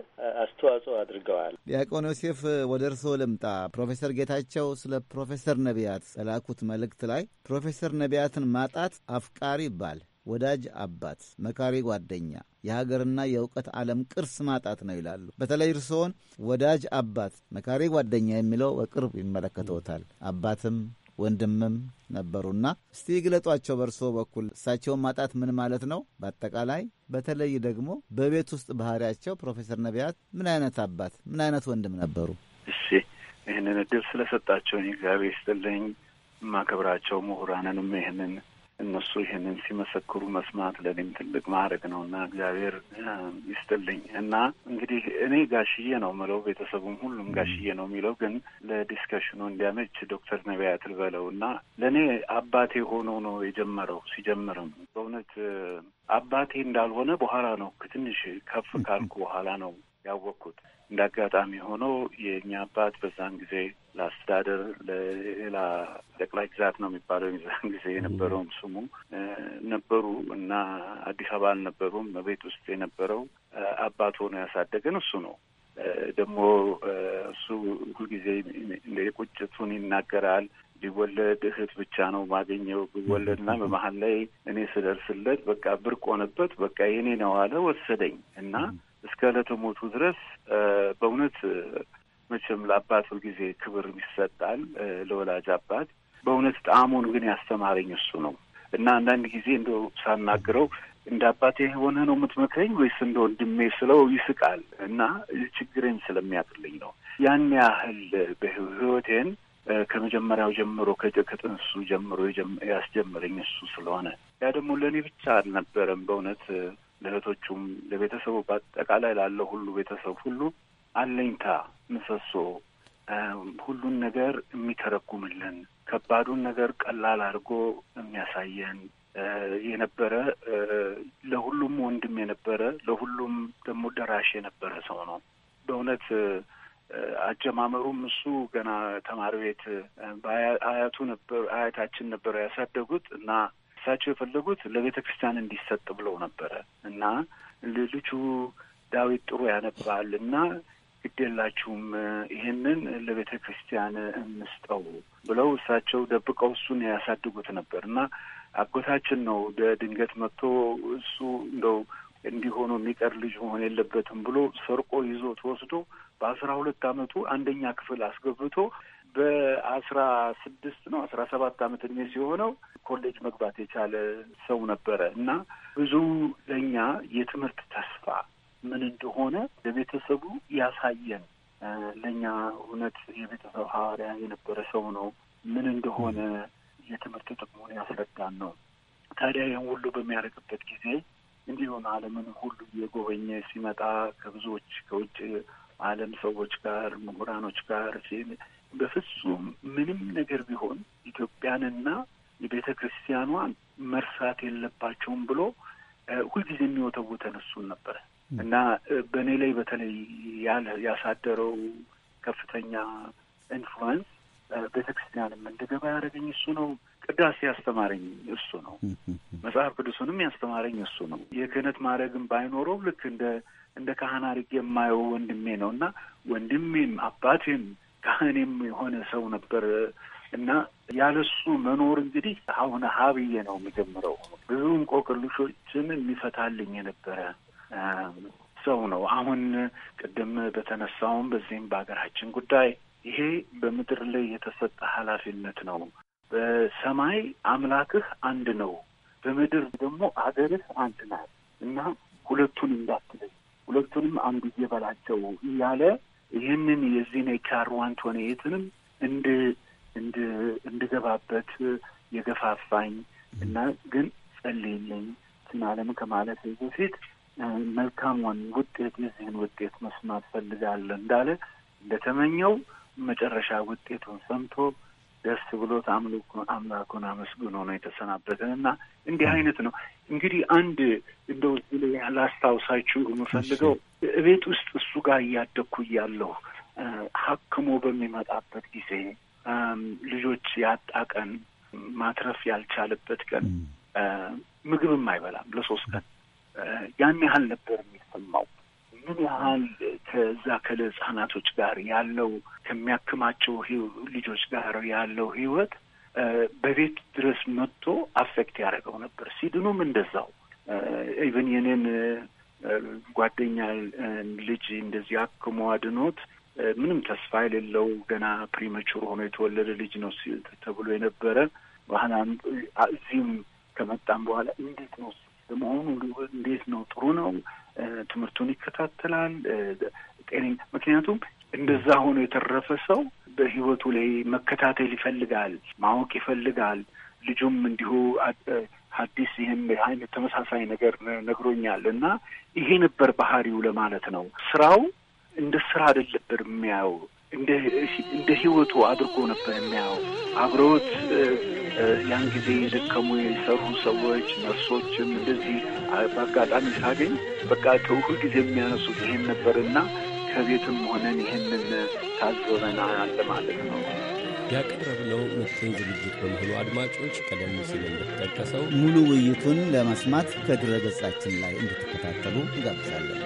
አስተዋጽኦ አድርገዋል። ዲያቆን ዮሴፍ ወደ እርስዎ ልምጣ። ፕሮፌሰር ጌታቸው ስለ ፕሮፌሰር ነቢያት የላኩት መልእክት ላይ ፕሮፌሰር ነቢያትን ማጣት አፍቃሪ ይባል ወዳጅ አባት፣ መካሪ ጓደኛ፣ የሀገርና የእውቀት ዓለም ቅርስ ማጣት ነው ይላሉ። በተለይ እርስዎን ወዳጅ አባት፣ መካሪ ጓደኛ የሚለው በቅርብ ይመለከተውታል። አባትም ወንድምም ነበሩና እስቲ ግለጧቸው። በእርስዎ በኩል እሳቸውን ማጣት ምን ማለት ነው? በአጠቃላይ በተለይ ደግሞ በቤት ውስጥ ባህሪያቸው ፕሮፌሰር ነቢያት ምን አይነት አባት ምን አይነት ወንድም ነበሩ? እሺ ይህንን እድል ስለሰጣቸው እግዚአብሔር ይስጥልኝ። የማከብራቸው ምሁራንንም ይህንን እነሱ ይህንን ሲመሰክሩ መስማት ለእኔም ትልቅ ማዕረግ ነው እና እግዚአብሔር ይስጥልኝ እና እንግዲህ እኔ ጋሽዬ ነው ምለው፣ ቤተሰቡም ሁሉም ጋሽዬ ነው የሚለው ግን ለዲስከሽኑ እንዲያመች ዶክተር ነቢያት ልበለው እና ለእኔ አባቴ ሆኖ ነው የጀመረው። ሲጀምርም በእውነት አባቴ እንዳልሆነ በኋላ ነው ትንሽ ከፍ ካልኩ በኋላ ነው ያወቅኩት። እንደ አጋጣሚ ሆኖ የእኛ አባት በዛን ጊዜ ለአስተዳደር ለሌላ ጠቅላይ ግዛት ነው የሚባለው የዛን ጊዜ የነበረውም ስሙ ነበሩ እና አዲስ አበባ አልነበሩም። በቤት ውስጥ የነበረው አባት ሆኖ ያሳደገን እሱ ነው። ደግሞ እሱ ሁልጊዜ ቁጭቱን ይናገራል። ቢወለድ እህት ብቻ ነው ማገኘው ቢወለድ እና በመሀል ላይ እኔ ስደርስለት በቃ ብርቅ ሆነበት። በቃ የኔ ነው አለ ወሰደኝ እና እስከ ዕለተ ሞቱ ድረስ በእውነት መቼም ለአባት ሁልጊዜ ክብር ይሰጣል፣ ለወላጅ አባት። በእውነት ጣዕሙን ግን ያስተማረኝ እሱ ነው እና አንዳንድ ጊዜ እንደ ሳናግረው እንደ አባቴ የሆነ ነው የምትመክረኝ ወይስ እንደ ወንድሜ ስለው ይስቃል እና ችግሬን ስለሚያቅልኝ ነው ያን ያህል በህይወቴን ከመጀመሪያው ጀምሮ ከጥንሱ ጀምሮ ያስጀመረኝ እሱ ስለሆነ ያ ደግሞ ለእኔ ብቻ አልነበረም። በእውነት ለእህቶቹም፣ ለቤተሰቡ በአጠቃላይ ላለው ሁሉ ቤተሰብ ሁሉ አለኝታ ምሰሶ፣ ሁሉን ነገር የሚተረጉምልን ከባዱን ነገር ቀላል አድርጎ የሚያሳየን የነበረ ለሁሉም ወንድም የነበረ ለሁሉም ደግሞ ደራሽ የነበረ ሰው ነው። በእውነት አጀማመሩም እሱ ገና ተማሪ ቤት በአያቱ ነበር አያታችን ነበረው ያሳደጉት እና እሳቸው የፈለጉት ለቤተ ክርስቲያን እንዲሰጥ ብለው ነበረ እና ልጁ ዳዊት ጥሩ ያነባል እና ግዴላችሁም ይህንን ለቤተ ክርስቲያን እንስጠው ብለው እሳቸው ደብቀው እሱን ያሳድጉት ነበር እና አጎታችን ነው ድንገት መጥቶ እሱ እንደው እንዲሆኑ የሚቀር ልጅ መሆን የለበትም ብሎ ሰርቆ ይዞ ወስዶ በአስራ ሁለት አመቱ አንደኛ ክፍል አስገብቶ በአስራ ስድስት ነው አስራ ሰባት አመት እድሜ ሲሆነው ኮሌጅ መግባት የቻለ ሰው ነበረ እና ብዙ ለእኛ የትምህርት ተስፋ ምን እንደሆነ ለቤተሰቡ ያሳየን ለእኛ እውነት የቤተሰብ ሐዋርያ የነበረ ሰው ነው። ምን እንደሆነ የትምህርት ጥቅሙን ያስረዳን ነው። ታዲያ ይህን ሁሉ በሚያደርግበት ጊዜ እንዲሁም ዓለምን ሁሉ የጎበኘ ሲመጣ ከብዙዎች ከውጭ ዓለም ሰዎች ጋር ምሁራኖች ጋር በፍጹም ምንም ነገር ቢሆን ኢትዮጵያንና የቤተ ክርስቲያኗን መርሳት የለባቸውም ብሎ ሁልጊዜ የሚወተው ተነሱን ነበረ እና በእኔ ላይ በተለይ ያለ ያሳደረው ከፍተኛ ኢንፍሉዌንስ ቤተ ክርስቲያንም እንደገባ ያደረገኝ እሱ ነው። ቅዳሴ ያስተማረኝ እሱ ነው። መጽሐፍ ቅዱሱንም ያስተማረኝ እሱ ነው። የክህነት ማድረግም ባይኖረው ልክ እንደ እንደ ካህን አድርጌ የማየው ወንድሜ ነው እና ወንድሜም አባቴም ካህኔም የሆነ ሰው ነበር እና ያለሱ መኖር እንግዲህ አሁን ሀብዬ ነው የሚጀምረው። ብዙ እንቆቅልሾችን የሚፈታልኝ የነበረ ሰው ነው። አሁን ቅድም በተነሳውም በዚህም በሀገራችን ጉዳይ ይሄ በምድር ላይ የተሰጠ ኃላፊነት ነው። በሰማይ አምላክህ አንድ ነው፣ በምድር ደግሞ አገርህ አንድ ናት እና ሁለቱን እንዳትለይ፣ ሁለቱንም አንዱ እየበላቸው እያለ ይህንን የዚህን ኤችአር ዋን ቶኔትንም እንድ እንድ እንድገባበት የገፋፋኝ እና ግን ጸልይልኝ እንትን አለም ከማለት በፊት መልካሙን ውጤት የዚህን ውጤት መስማት ፈልጋለሁ እንዳለ እንደተመኘው መጨረሻ ውጤቱን ሰምቶ ደስ ብሎት አምልኮ አምላኩን አመስግኖ ነው የተሰናበተን እና እንዲህ አይነት ነው እንግዲህ አንድ እንደው ላስታውሳችሁ የምፈልገው ቤት ውስጥ እሱ ጋር እያደግኩ እያለሁ ሀክሞ በሚመጣበት ጊዜ ልጆች ያጣ ቀን ማትረፍ ያልቻለበት ቀን ምግብም አይበላም ለሶስት ቀን። ያን ያህል ነበር የሚሰማው። ምን ያህል ከዛ ህጻናቶች ጋር ያለው ከሚያክማቸው ልጆች ጋር ያለው ህይወት በቤት ድረስ መጥቶ አፌክት ያደረገው ነበር። ሲድኑም እንደዛው ኢቨን የኔን ጓደኛ ልጅ እንደዚህ አክሞ አድኖት ምንም ተስፋ የሌለው ገና ፕሪመቹር ሆኖ የተወለደ ልጅ ነው ተብሎ የነበረ ባህላ እዚህም ከመጣም በኋላ እንዴት ነው ለመሆኑ እንዴት ነው? ጥሩ ነው። ትምህርቱን ይከታተላል። ጤነኛ ምክንያቱም እንደዛ ሆኖ የተረፈ ሰው በህይወቱ ላይ መከታተል ይፈልጋል፣ ማወቅ ይፈልጋል። ልጁም እንዲሁ ሀዲስ ይህም አይነት ተመሳሳይ ነገር ነግሮኛል እና ይሄ ነበር ባህሪው ለማለት ነው። ስራው እንደ ስራ አይደለብር የሚያየው እንደ ህይወቱ አድርጎ ነበር የሚያየው። አብረውት ያን ጊዜ የደከሙ የሰሩ ሰዎች ነርሶችም እንደዚህ በአጋጣሚ ሳገኝ በቃ ሁል ጊዜ የሚያነሱት ይሄን ነበር እና ከቤትም ሆነን ይህንን ታዝበናል ማለት ነው። ያቀረብነው ምጥን ዝግጅት በመሆኑ አድማጮች፣ ቀደም ሲል እንደተጠቀሰው ሙሉ ውይይቱን ለመስማት ከድረገጻችን ላይ እንድትከታተሉ እንጋብዛለን።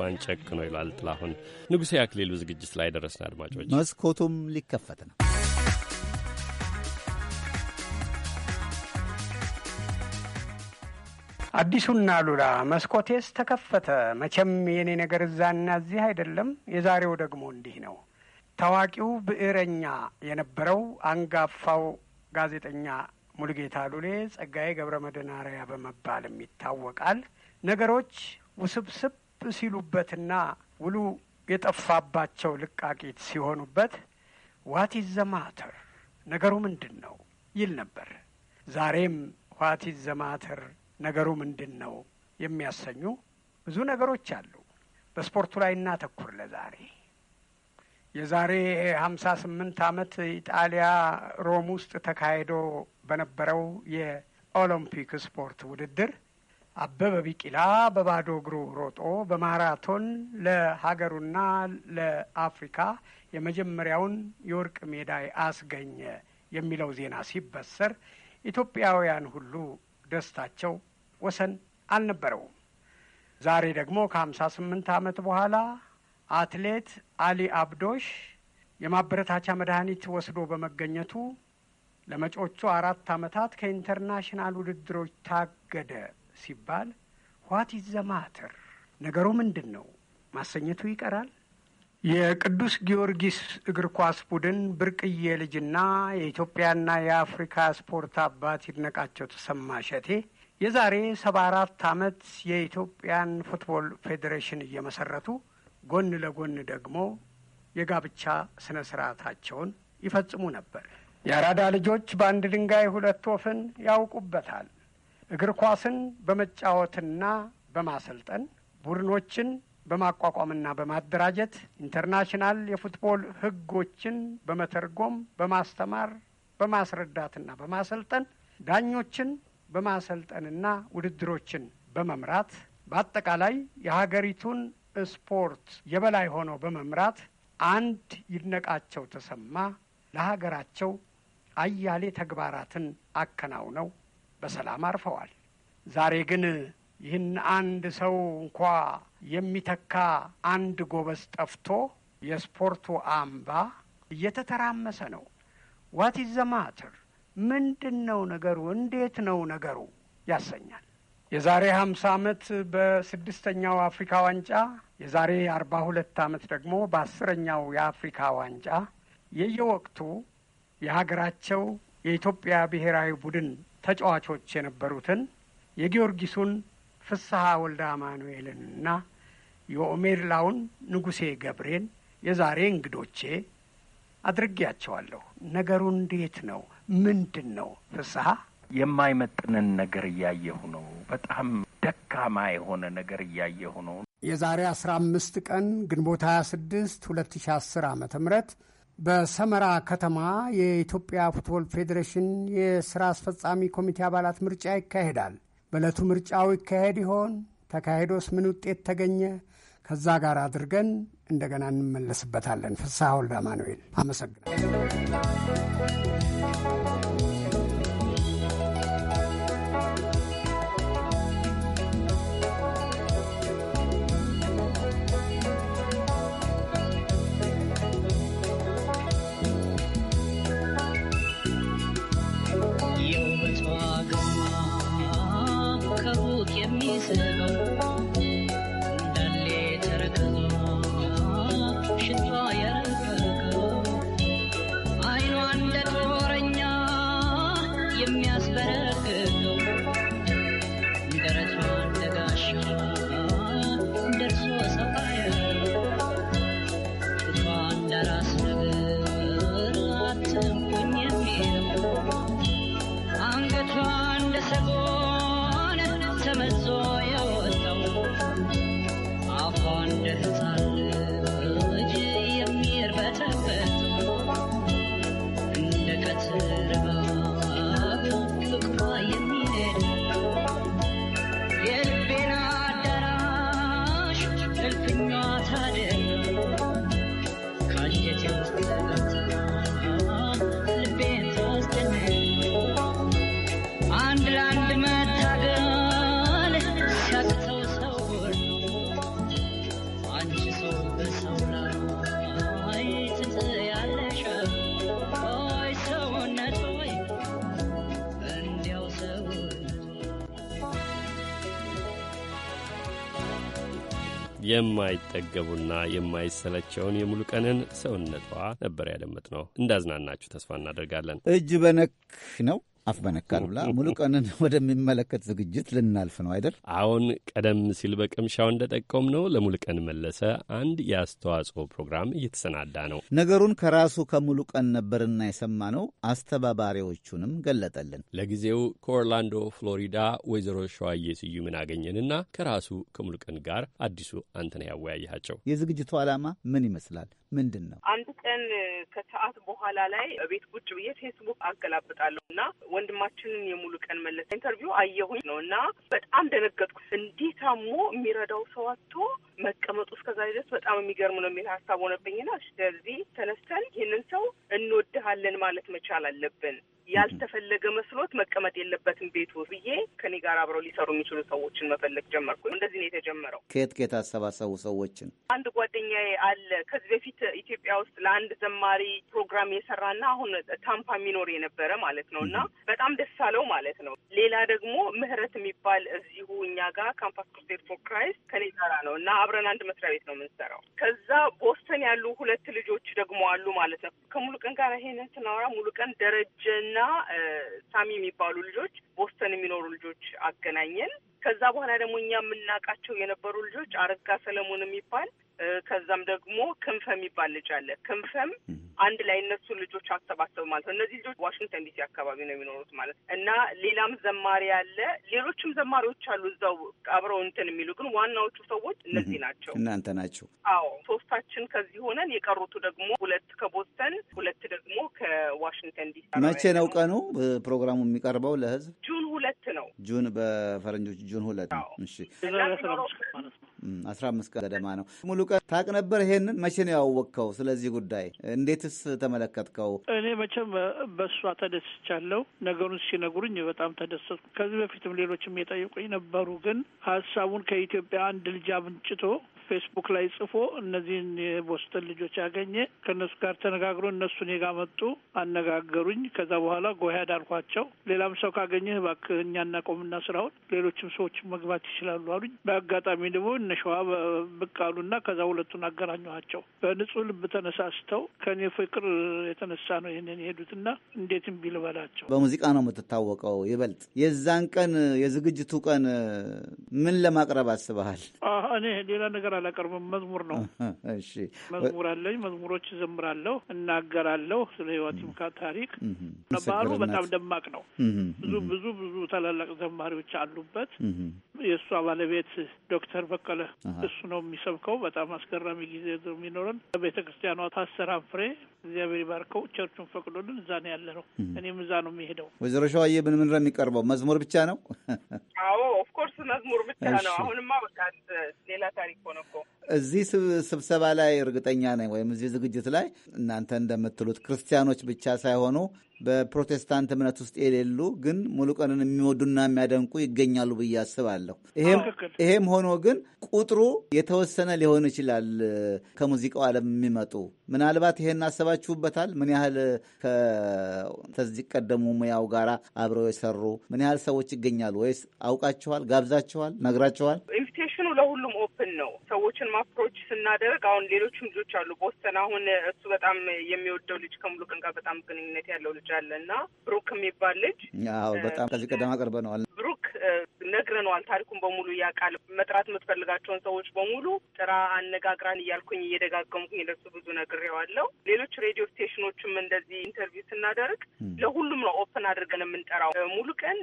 መልኳን ነው ይሏል ጥላሁን ንጉሴ አክሊሉ። ዝግጅት ላይ ደረስን አድማጮች፣ መስኮቱም ሊከፈት ነው። አዲሱና ሉላ መስኮቴስ ተከፈተ። መቼም የኔ ነገር እዛና እዚህ አይደለም። የዛሬው ደግሞ እንዲህ ነው። ታዋቂው ብዕረኛ የነበረው አንጋፋው ጋዜጠኛ ሙልጌታ ሉሌ ጸጋዬ ገብረ መድኅን በመባልም ይታወቃል። ነገሮች ውስብስብ ሲሉበትና ውሉ የጠፋባቸው ልቃቂት ሲሆኑበት ዋት ኢዝ ዘ ማተር ነገሩ ምንድን ነው ይል ነበር። ዛሬም ዋት ኢዝ ዘ ማተር ነገሩ ምንድን ነው የሚያሰኙ ብዙ ነገሮች አሉ። በስፖርቱ ላይ እናተኩር። ለዛሬ የዛሬ ሀምሳ ስምንት ዓመት ኢጣሊያ ሮም ውስጥ ተካሂዶ በነበረው የኦሎምፒክ ስፖርት ውድድር አበበ ቢቂላ በባዶ እግሩ ሮጦ በማራቶን ለሀገሩና ለአፍሪካ የመጀመሪያውን የወርቅ ሜዳይ አስገኘ የሚለው ዜና ሲበሰር ኢትዮጵያውያን ሁሉ ደስታቸው ወሰን አልነበረውም። ዛሬ ደግሞ ከሀምሳ ስምንት ዓመት በኋላ አትሌት አሊ አብዶሽ የማበረታቻ መድኃኒት ወስዶ በመገኘቱ ለመጪዎቹ አራት ዓመታት ከኢንተርናሽናል ውድድሮች ታገደ ሲባል ዋት ኢዝ ዘ ማተር ነገሩ ምንድን ነው? ማሰኘቱ ይቀራል። የቅዱስ ጊዮርጊስ እግር ኳስ ቡድን ብርቅዬ ልጅና የኢትዮጵያና የአፍሪካ ስፖርት አባት ይድነቃቸው ተሰማ ሸቴ የዛሬ ሰባ አራት ዓመት የኢትዮጵያን ፉትቦል ፌዴሬሽን እየመሰረቱ ጎን ለጎን ደግሞ የጋብቻ ስነ ስርዓታቸውን ይፈጽሙ ነበር። የአራዳ ልጆች በአንድ ድንጋይ ሁለት ወፍን ያውቁበታል። እግር ኳስን በመጫወትና በማሰልጠን ቡድኖችን በማቋቋምና በማደራጀት ኢንተርናሽናል የፉትቦል ሕጎችን በመተርጎም በማስተማር በማስረዳትና በማሰልጠን ዳኞችን በማሰልጠንና ውድድሮችን በመምራት በአጠቃላይ የሀገሪቱን ስፖርት የበላይ ሆኖ በመምራት አንድ ይድነቃቸው ተሰማ ለሀገራቸው አያሌ ተግባራትን አከናውነው በሰላም አርፈዋል። ዛሬ ግን ይህን አንድ ሰው እንኳ የሚተካ አንድ ጎበዝ ጠፍቶ የስፖርቱ አምባ እየተተራመሰ ነው። ዋት ኢዝ ዘ ማተር? ምንድን ነው ነገሩ? እንዴት ነው ነገሩ? ያሰኛል። የዛሬ ሀምሳ ዓመት በስድስተኛው አፍሪካ ዋንጫ የዛሬ አርባ ሁለት ዓመት ደግሞ በአስረኛው የአፍሪካ ዋንጫ የየወቅቱ የሀገራቸው የኢትዮጵያ ብሔራዊ ቡድን ተጫዋቾች የነበሩትን የጊዮርጊሱን ፍስሐ ወልደ አማኑኤልንና የኦሜድላውን ንጉሴ ገብሬን የዛሬ እንግዶቼ አድርጌያቸዋለሁ። ነገሩ እንዴት ነው? ምንድን ነው? ፍስሐ የማይመጥንን ነገር እያየሁ ነው። በጣም ደካማ የሆነ ነገር እያየሁ ነው። የዛሬ አስራ አምስት ቀን ግንቦት ሀያ ስድስት ሁለት ሺ አስር ዓመተ በሰመራ ከተማ የኢትዮጵያ ፉትቦል ፌዴሬሽን የሥራ አስፈጻሚ ኮሚቴ አባላት ምርጫ ይካሄዳል። በዕለቱ ምርጫው ይካሄድ ይሆን? ተካሂዶስ ምን ውጤት ተገኘ? ከዛ ጋር አድርገን እንደገና እንመለስበታለን። ፍስሐ ወልደ አማኑኤል አመሰግናል። የማይጠገቡና የማይሰለቸውን የሙሉ ቀንን ሰውነቷ ነበር ያደመጥ ነው። እንዳዝናናችሁ ተስፋ እናደርጋለን። እጅ በነክ ነው አፍበነካል ብላ ቀንን [LAUGHS] ወደሚመለከት ዝግጅት ልናልፍ ነው አይደል? አሁን ቀደም ሲል በቅምሻው እንደጠቀም ነው ለሙሉቀን መለሰ አንድ የአስተዋጽኦ ፕሮግራም እየተሰናዳ ነው። ነገሩን ከራሱ ከሙሉ ቀን ነበርና የሰማ ነው። አስተባባሪዎቹንም ገለጠልን። ለጊዜው ከኦርላንዶ ፍሎሪዳ ወይዘሮ ሸዋዬ ስዩምን አገኘንና ከራሱ ከሙሉቀን ጋር አዲሱ አንተን ያወያያቸው የዝግጅቱ ዓላማ ምን ይመስላል? ምንድን ነው? አንድ ቀን ከሰዓት በኋላ ላይ ቤት ቁጭ ብዬ ፌስቡክ አገላብጣለሁ እና ወንድማችንን የሙሉ ቀን መለሰ ኢንተርቪው አየሁኝ ነው እና በጣም ደነገጥኩ። እንዲህ ታሞ የሚረዳው ሰው አቶ መቀመጡ እስከዛ ድረስ በጣም የሚገርም ነው የሚል ሀሳብ ሆነብኝና ስለዚህ ተነስተን ይህንን ሰው እንወድሃለን ማለት መቻል አለብን ያልተፈለገ መስሎት መቀመጥ የለበትም ቤቱ ብዬ ከኔ ጋር አብረው ሊሰሩ የሚችሉ ሰዎችን መፈለግ ጀመርኩ። እንደዚህ ነው የተጀመረው። ከየት ከየት አሰባሰቡ ሰዎችን? አንድ ጓደኛዬ አለ ከዚህ በፊት ኢትዮጵያ ውስጥ ለአንድ ዘማሪ ፕሮግራም የሰራና አሁን ታምፓ የሚኖር የነበረ ማለት ነው እና በጣም ደስ አለው ማለት ነው። ሌላ ደግሞ ምህረት የሚባል እዚሁ እኛ ጋር ካምፓስ ክርስቴት ፎር ክራይስት ከኔ ጋራ ነው እና አብረን አንድ መስሪያ ቤት ነው የምንሰራው። ከዛ ቦስተን ያሉ ሁለት ልጆች ደግሞ አሉ ማለት ነው ከሙሉ ቀን ጋር ይሄንን ስናወራ ሙሉ ቀን ደረጀን እና ሳሚ የሚባሉ ልጆች ቦስተን የሚኖሩ ልጆች አገናኘን። ከዛ በኋላ ደግሞ እኛ የምናውቃቸው የነበሩ ልጆች አረጋ ሰለሞን የሚባል ከዛም ደግሞ ክንፈ የሚባል ልጅ አለ። ክንፈም አንድ ላይ እነሱን ልጆች አሰባሰብ ማለት ነው። እነዚህ ልጆች ዋሽንግተን ዲሲ አካባቢ ነው የሚኖሩት ማለት እና ሌላም ዘማሪ አለ፣ ሌሎችም ዘማሪዎች አሉ እዛው አብረው እንትን የሚሉ ግን ዋናዎቹ ሰዎች እነዚህ ናቸው። እናንተ ናቸው። አዎ ሶስታችን ከዚህ ሆነን የቀሩቱ ደግሞ ሁለት ከቦስተን ሁለት ደግሞ ከዋሽንግተን ዲሲ። መቼ ነው ቀኑ ፕሮግራሙ የሚቀርበው ለህዝብ? ጁን ሁለት ነው። ጁን በፈረንጆች ጁን ሁለት ነው። አስራ አምስት ቀን ገደማ ነው። ሙሉ ቀን ታውቅ ነበር ይሄንን? መቼ ነው ያወቅከው? ስለዚህ ጉዳይ እንዴት እንዴትስ ተመለከትከው? እኔ መቼም በእሷ ተደስቻለሁ። ነገሩን ሲነግሩኝ በጣም ተደሰትኩ። ከዚህ በፊትም ሌሎችም የጠየቁኝ ነበሩ። ግን ሀሳቡን ከኢትዮጵያ አንድ ልጅ አብንጭቶ ፌስቡክ ላይ ጽፎ እነዚህን የቦስተን ልጆች ያገኘ ከእነሱ ጋር ተነጋግሮ እነሱ እኔ ጋ መጡ፣ አነጋገሩኝ። ከዛ በኋላ ጎሄድ አልኳቸው። ሌላም ሰው ካገኘህ እባክህ እኛ እናቆምና ስራውን ሌሎችም ሰዎች መግባት ይችላሉ አሉኝ። በአጋጣሚ ደግሞ እነሸዋ ብቅ አሉና ከዛ ሁለቱን አገናኘኋቸው። በንጹህ ልብ ተነሳስተው ከእኔ ፍቅር የተነሳ ነው ይህንን የሄዱትና እንዴትም ቢልበላቸው በሙዚቃ ነው የምትታወቀው ይበልጥ የዛን ቀን የዝግጅቱ ቀን ምን ለማቅረብ አስበሃል? እኔ ሌላ ነገር አላቀርብም። መዝሙር ነው። እሺ መዝሙር አለኝ። መዝሙሮች እዘምራለሁ፣ እናገራለሁ ስለ ህይወት ታሪክ። በዓሉ በጣም ደማቅ ነው። ብዙ ብዙ ብዙ ታላላቅ ዘማሪዎች አሉበት። የእሷ ባለቤት ዶክተር በቀለ እሱ ነው የሚሰብከው። በጣም አስገራሚ ጊዜ የሚኖረን ቤተ ክርስቲያኗ ፓስተር አንፍሬ እግዚአብሔር ይባርከው ቸርቹን ፈቅዶልን እዛ ነው ያለ ነው። እኔም እዛ ነው የሚሄደው። ወይዘሮ ሸዋዬ ምን ምን ነው የሚቀርበው? መዝሙር ብቻ ነው? አዎ ኦፍኮርስ መዝሙር ብቻ ነው። አሁንማ በቃ ሌላ ታሪክ ሆነው እዚህ ስብሰባ ላይ እርግጠኛ ነኝ ወይም እዚህ ዝግጅት ላይ እናንተ እንደምትሉት ክርስቲያኖች ብቻ ሳይሆኑ በፕሮቴስታንት እምነት ውስጥ የሌሉ ግን ሙሉቀንን የሚወዱና የሚያደንቁ ይገኛሉ ብዬ አስባለሁ። ይሄም ሆኖ ግን ቁጥሩ የተወሰነ ሊሆን ይችላል። ከሙዚቃው ዓለም የሚመጡ ምናልባት ይሄን አስባችሁበታል? ምን ያህል ከዚህ ቀደሙ ሙያው ጋር አብረው የሰሩ ምን ያህል ሰዎች ይገኛሉ? ወይስ አውቃችኋል? ጋብዛችኋል? ነግራችኋል? እንትኑ ለሁሉም ኦፕን ነው። ሰዎችን ማፕሮች ስናደርግ አሁን ሌሎችም ልጆች አሉ። ቦስተን አሁን እሱ በጣም የሚወደው ልጅ ከሙሉቀን ጋር በጣም ግንኙነት ያለው ልጅ አለ እና ብሩክ የሚባል ልጅ አዎ፣ በጣም ከዚህ ቀደም አቅርበነዋል። ብሩክ ነግረነዋል። ታሪኩን በሙሉ እያቃል መጥራት የምትፈልጋቸውን ሰዎች በሙሉ ጥራ፣ አነጋግራን እያልኩኝ እየደጋገምኩኝ ለሱ ብዙ ነግሬዋለሁ። ሌሎች ሬዲዮ ስቴሽኖችም እንደዚህ ኢንተርቪው ስናደርግ ለሁሉም ነው ኦፕን አድርገን የምንጠራው። ሙሉ ቀን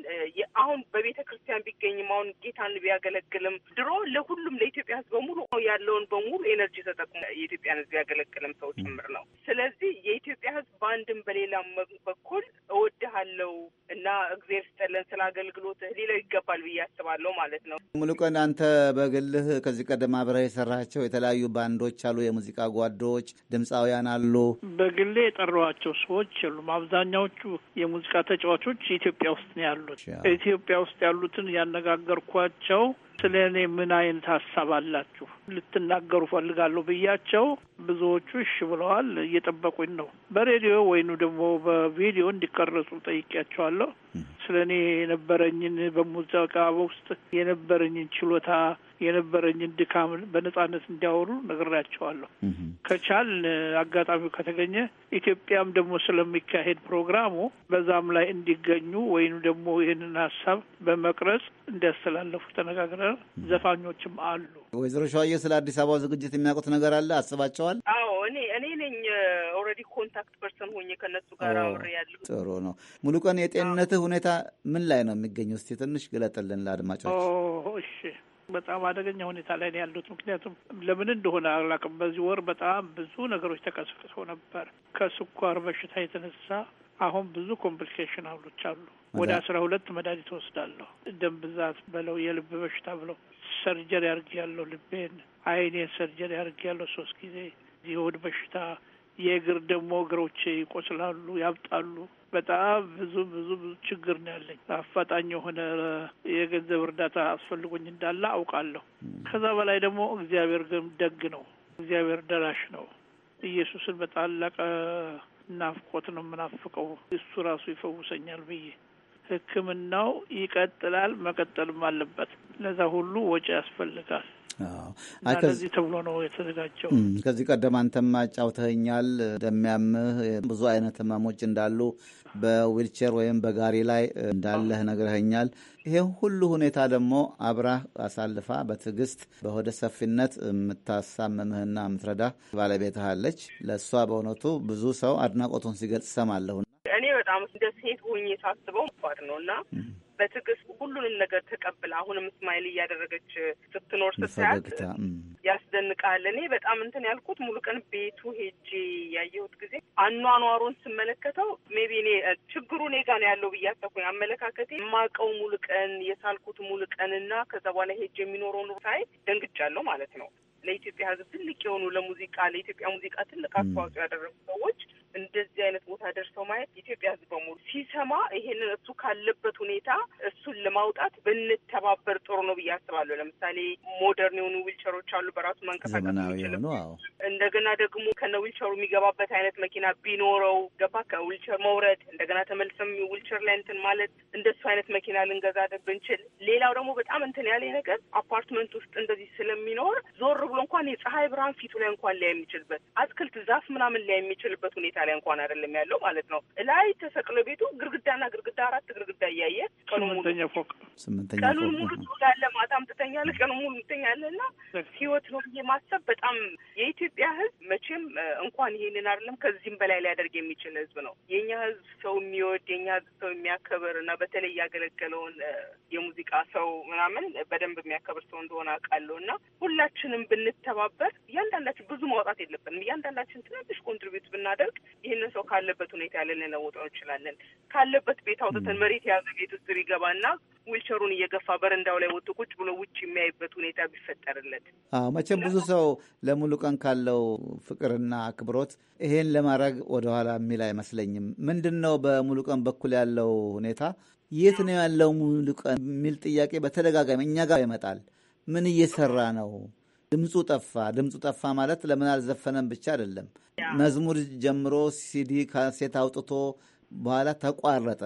አሁን በቤተ ክርስቲያን ቢገኝም አሁን ጌታን ቢያገለግልም ድሮ ለሁሉም ለኢትዮጵያ ሕዝብ በሙሉ ያለውን በሙሉ ኤነርጂ ተጠቅሞ የኢትዮጵያን ሕዝብ ያገለገለም ሰው ጭምር ነው። ስለዚህ የኢትዮጵያ ሕዝብ በአንድም በሌላም በኩል እወድሃለው እና እግዜር ስጠለን ስለ አገልግሎት ሌላው ይገባል ብዬ አስባለሁ ማለት ነው። ሙሉቀን አንተ በግልህ ከዚህ ቀደም አብረህ የሰራቸው የተለያዩ ባንዶች አሉ፣ የሙዚቃ ጓዶች፣ ድምፃውያን አሉ። በግሌ የጠራኋቸው ሰዎች የሉም። አብዛኛዎቹ የሙዚቃ ተጫዋቾች ኢትዮጵያ ውስጥ ነው ያሉት። ኢትዮጵያ ውስጥ ያሉትን ያነጋገርኳቸው ስለ እኔ ምን አይነት ሀሳብ አላችሁ ልትናገሩ ፈልጋለሁ ብያቸው ብዙዎቹ እሺ ብለዋል። እየጠበቁኝ ነው። በሬዲዮ ወይኑ ደግሞ በቪዲዮ እንዲቀረጹ ጠይቄያቸዋለሁ። ስለ እኔ የነበረኝን በሙዚቃ ውስጥ የነበረኝን ችሎታ የነበረኝን ድካም በነጻነት እንዲያወሩ ነግራቸዋለሁ። ከቻል አጋጣሚው ከተገኘ ኢትዮጵያም ደግሞ ስለሚካሄድ ፕሮግራሙ በዛም ላይ እንዲገኙ ወይም ደግሞ ይህንን ሀሳብ በመቅረጽ እንዲያስተላለፉ ተነጋግረን ዘፋኞችም አሉ። ወይዘሮ ሸዋዬ ስለ አዲስ አበባ ዝግጅት የሚያውቁት ነገር አለ አስባቸዋል? አዎ እኔ እኔ ነኝ ኦልሬዲ ኮንታክት ፐርሰን ሆኜ ከነሱ ጋር አውሬ ያለሁ። ጥሩ ነው። ሙሉ ቀን የጤንነትህ ሁኔታ ምን ላይ ነው የሚገኘው? እስቲ ትንሽ ግለጥልን ለአድማጮች። እሺ በጣም አደገኛ ሁኔታ ላይ ያሉት። ምክንያቱም ለምን እንደሆነ አላውቅም። በዚህ ወር በጣም ብዙ ነገሮች ተቀስቅሰው ነበር ከስኳር በሽታ የተነሳ አሁን ብዙ ኮምፕሊኬሽን አሉች አሉ። ወደ አስራ ሁለት መድኃኒት ወስዳለሁ። ደም ብዛት ብለው የልብ በሽታ ብለው ሰርጀሪ አርግ ያለሁ ልቤን፣ አይኔ ሰርጀሪ አርግ ያለሁ ሶስት ጊዜ የሆድ በሽታ፣ የእግር ደግሞ እግሮቼ ይቆስላሉ፣ ያብጣሉ በጣም ብዙ ብዙ ብዙ ችግር ነው ያለኝ። አፋጣኝ የሆነ የገንዘብ እርዳታ አስፈልጎኝ እንዳለ አውቃለሁ። ከዛ በላይ ደግሞ እግዚአብሔር ግን ደግ ነው። እግዚአብሔር ደራሽ ነው። ኢየሱስን በታላቅ ናፍቆት ነው የምናፍቀው። እሱ ራሱ ይፈውሰኛል ብዬ ሕክምናው ይቀጥላል፣ መቀጠልም አለበት። ለዛ ሁሉ ወጪ ያስፈልጋል። ለዚህ ተብሎ ነው የተዘጋጀው። ከዚህ ቀደም አንተም አጫውተኸኛል እንደሚያምህ ብዙ አይነት ህመሞች እንዳሉ በዊልቸር ወይም በጋሪ ላይ እንዳለህ ነግረኸኛል። ይሄ ሁሉ ሁኔታ ደግሞ አብራህ አሳልፋ በትዕግስት በሆደ ሰፊነት የምታሳምምህና የምትረዳ ባለቤትህ አለች። ለእሷ በእውነቱ ብዙ ሰው አድናቆቱን ሲገልጽ ሰማለሁ። እኔ በጣም እንደ ሴት ሆኜ ሳስበው ባድ ነው እና በትዕግስት ሁሉንም ነገር ተቀብላ አሁንም ስማይል እያደረገች ስትኖር ስታያት ያስደንቃል። እኔ በጣም እንትን ያልኩት ሙሉ ቀን ቤቱ ሄጄ ያየሁት ጊዜ አኗኗሩን ስመለከተው ሜቢ እኔ ችግሩ እኔ ጋ ነው ያለው ብዬ አሰብኩኝ። አመለካከቴ የማውቀው ሙሉ ቀን የሳልኩት ሙሉ ቀን እና ከዛ በኋላ ሄጄ የሚኖረውን ሳይ ደንግጫለሁ ማለት ነው። ለኢትዮጵያ ሕዝብ ትልቅ የሆኑ ለሙዚቃ ለኢትዮጵያ ሙዚቃ ትልቅ አስተዋጽኦ ያደረጉ ሰዎች እንደዚህ አይነት ቦታ ደርሰው ማየት ኢትዮጵያ ህዝብ በሙሉ ሲሰማ ይሄንን እሱ ካለበት ሁኔታ እሱን ለማውጣት ብንተባበር ጥሩ ነው ብዬ አስባለሁ። ለምሳሌ ሞደርን የሆኑ ዊልቸሮች አሉ፣ በራሱ መንቀሳቀስ እንደገና ደግሞ ከነ ዊልቸሩ የሚገባበት አይነት መኪና ቢኖረው ገባ ከዊልቸር መውረድ እንደገና ተመልሰም ዊልቸር ላይ እንትን ማለት እንደሱ አይነት መኪና ልንገዛ ብንችል። ሌላው ደግሞ በጣም እንትን ያለ ነገር አፓርትመንት ውስጥ እንደዚህ ስለሚኖር ዞር ብሎ እንኳን የፀሐይ ብርሃን ፊቱ ላይ እንኳን ሊያ የሚችልበት አትክልት ዛፍ ምናምን ሊያ የሚችልበት ሁኔታ ላይ እንኳን አይደለም ያለው ማለት ነው። ላይ ተሰቅሎ ቤቱ ግርግዳና ግርግዳ አራት ግርግዳ እያየ ቀኑን ሙሉ ቀኑን ሙሉ ትውላለህ፣ ማታም ትተኛለ፣ ቀኑን ሙሉ ትተኛለህ እና ህይወት ነው ብዬ ማሰብ በጣም የኢትዮጵያ ህዝብ መቼም እንኳን ይሄንን አይደለም ከዚህም በላይ ሊያደርግ የሚችል ህዝብ ነው። የኛ ህዝብ ሰው የሚወድ የኛ ህዝብ ሰው የሚያከብር እና በተለይ ያገለገለውን የሙዚቃ ሰው ምናምን በደንብ የሚያከብር ሰው እንደሆነ አውቃለሁ እና ሁላችንም ብንተባበር እያንዳንዳችን ብዙ ማውጣት የለብንም እያንዳንዳችን ትናንሽ ኮንትሪቢዩት ብናደርግ ይህንን ሰው ካለበት ሁኔታ ያለን ልንለውጠው እንችላለን። ካለበት ቤት አውጥተን መሬት የያዘ ቤት ውስጥ ይገባና ዊልቸሩን እየገፋ በረንዳው ላይ ወጥቶ ቁጭ ብሎ ውጭ የሚያይበት ሁኔታ ቢፈጠርለት። አዎ መቼም ብዙ ሰው ለሙሉ ቀን ካለው ፍቅርና አክብሮት ይሄን ለማድረግ ወደኋላ የሚል አይመስለኝም። ምንድን ነው በሙሉ ቀን በኩል ያለው ሁኔታ የት ነው ያለው ሙሉ ቀን የሚል ጥያቄ በተደጋጋሚ እኛ ጋር ይመጣል። ምን እየሰራ ነው ድምፁ ጠፋ። ድምፁ ጠፋ ማለት ለምን አልዘፈነም ብቻ አይደለም። መዝሙር ጀምሮ ሲዲ ካሴት አውጥቶ በኋላ ተቋረጠ።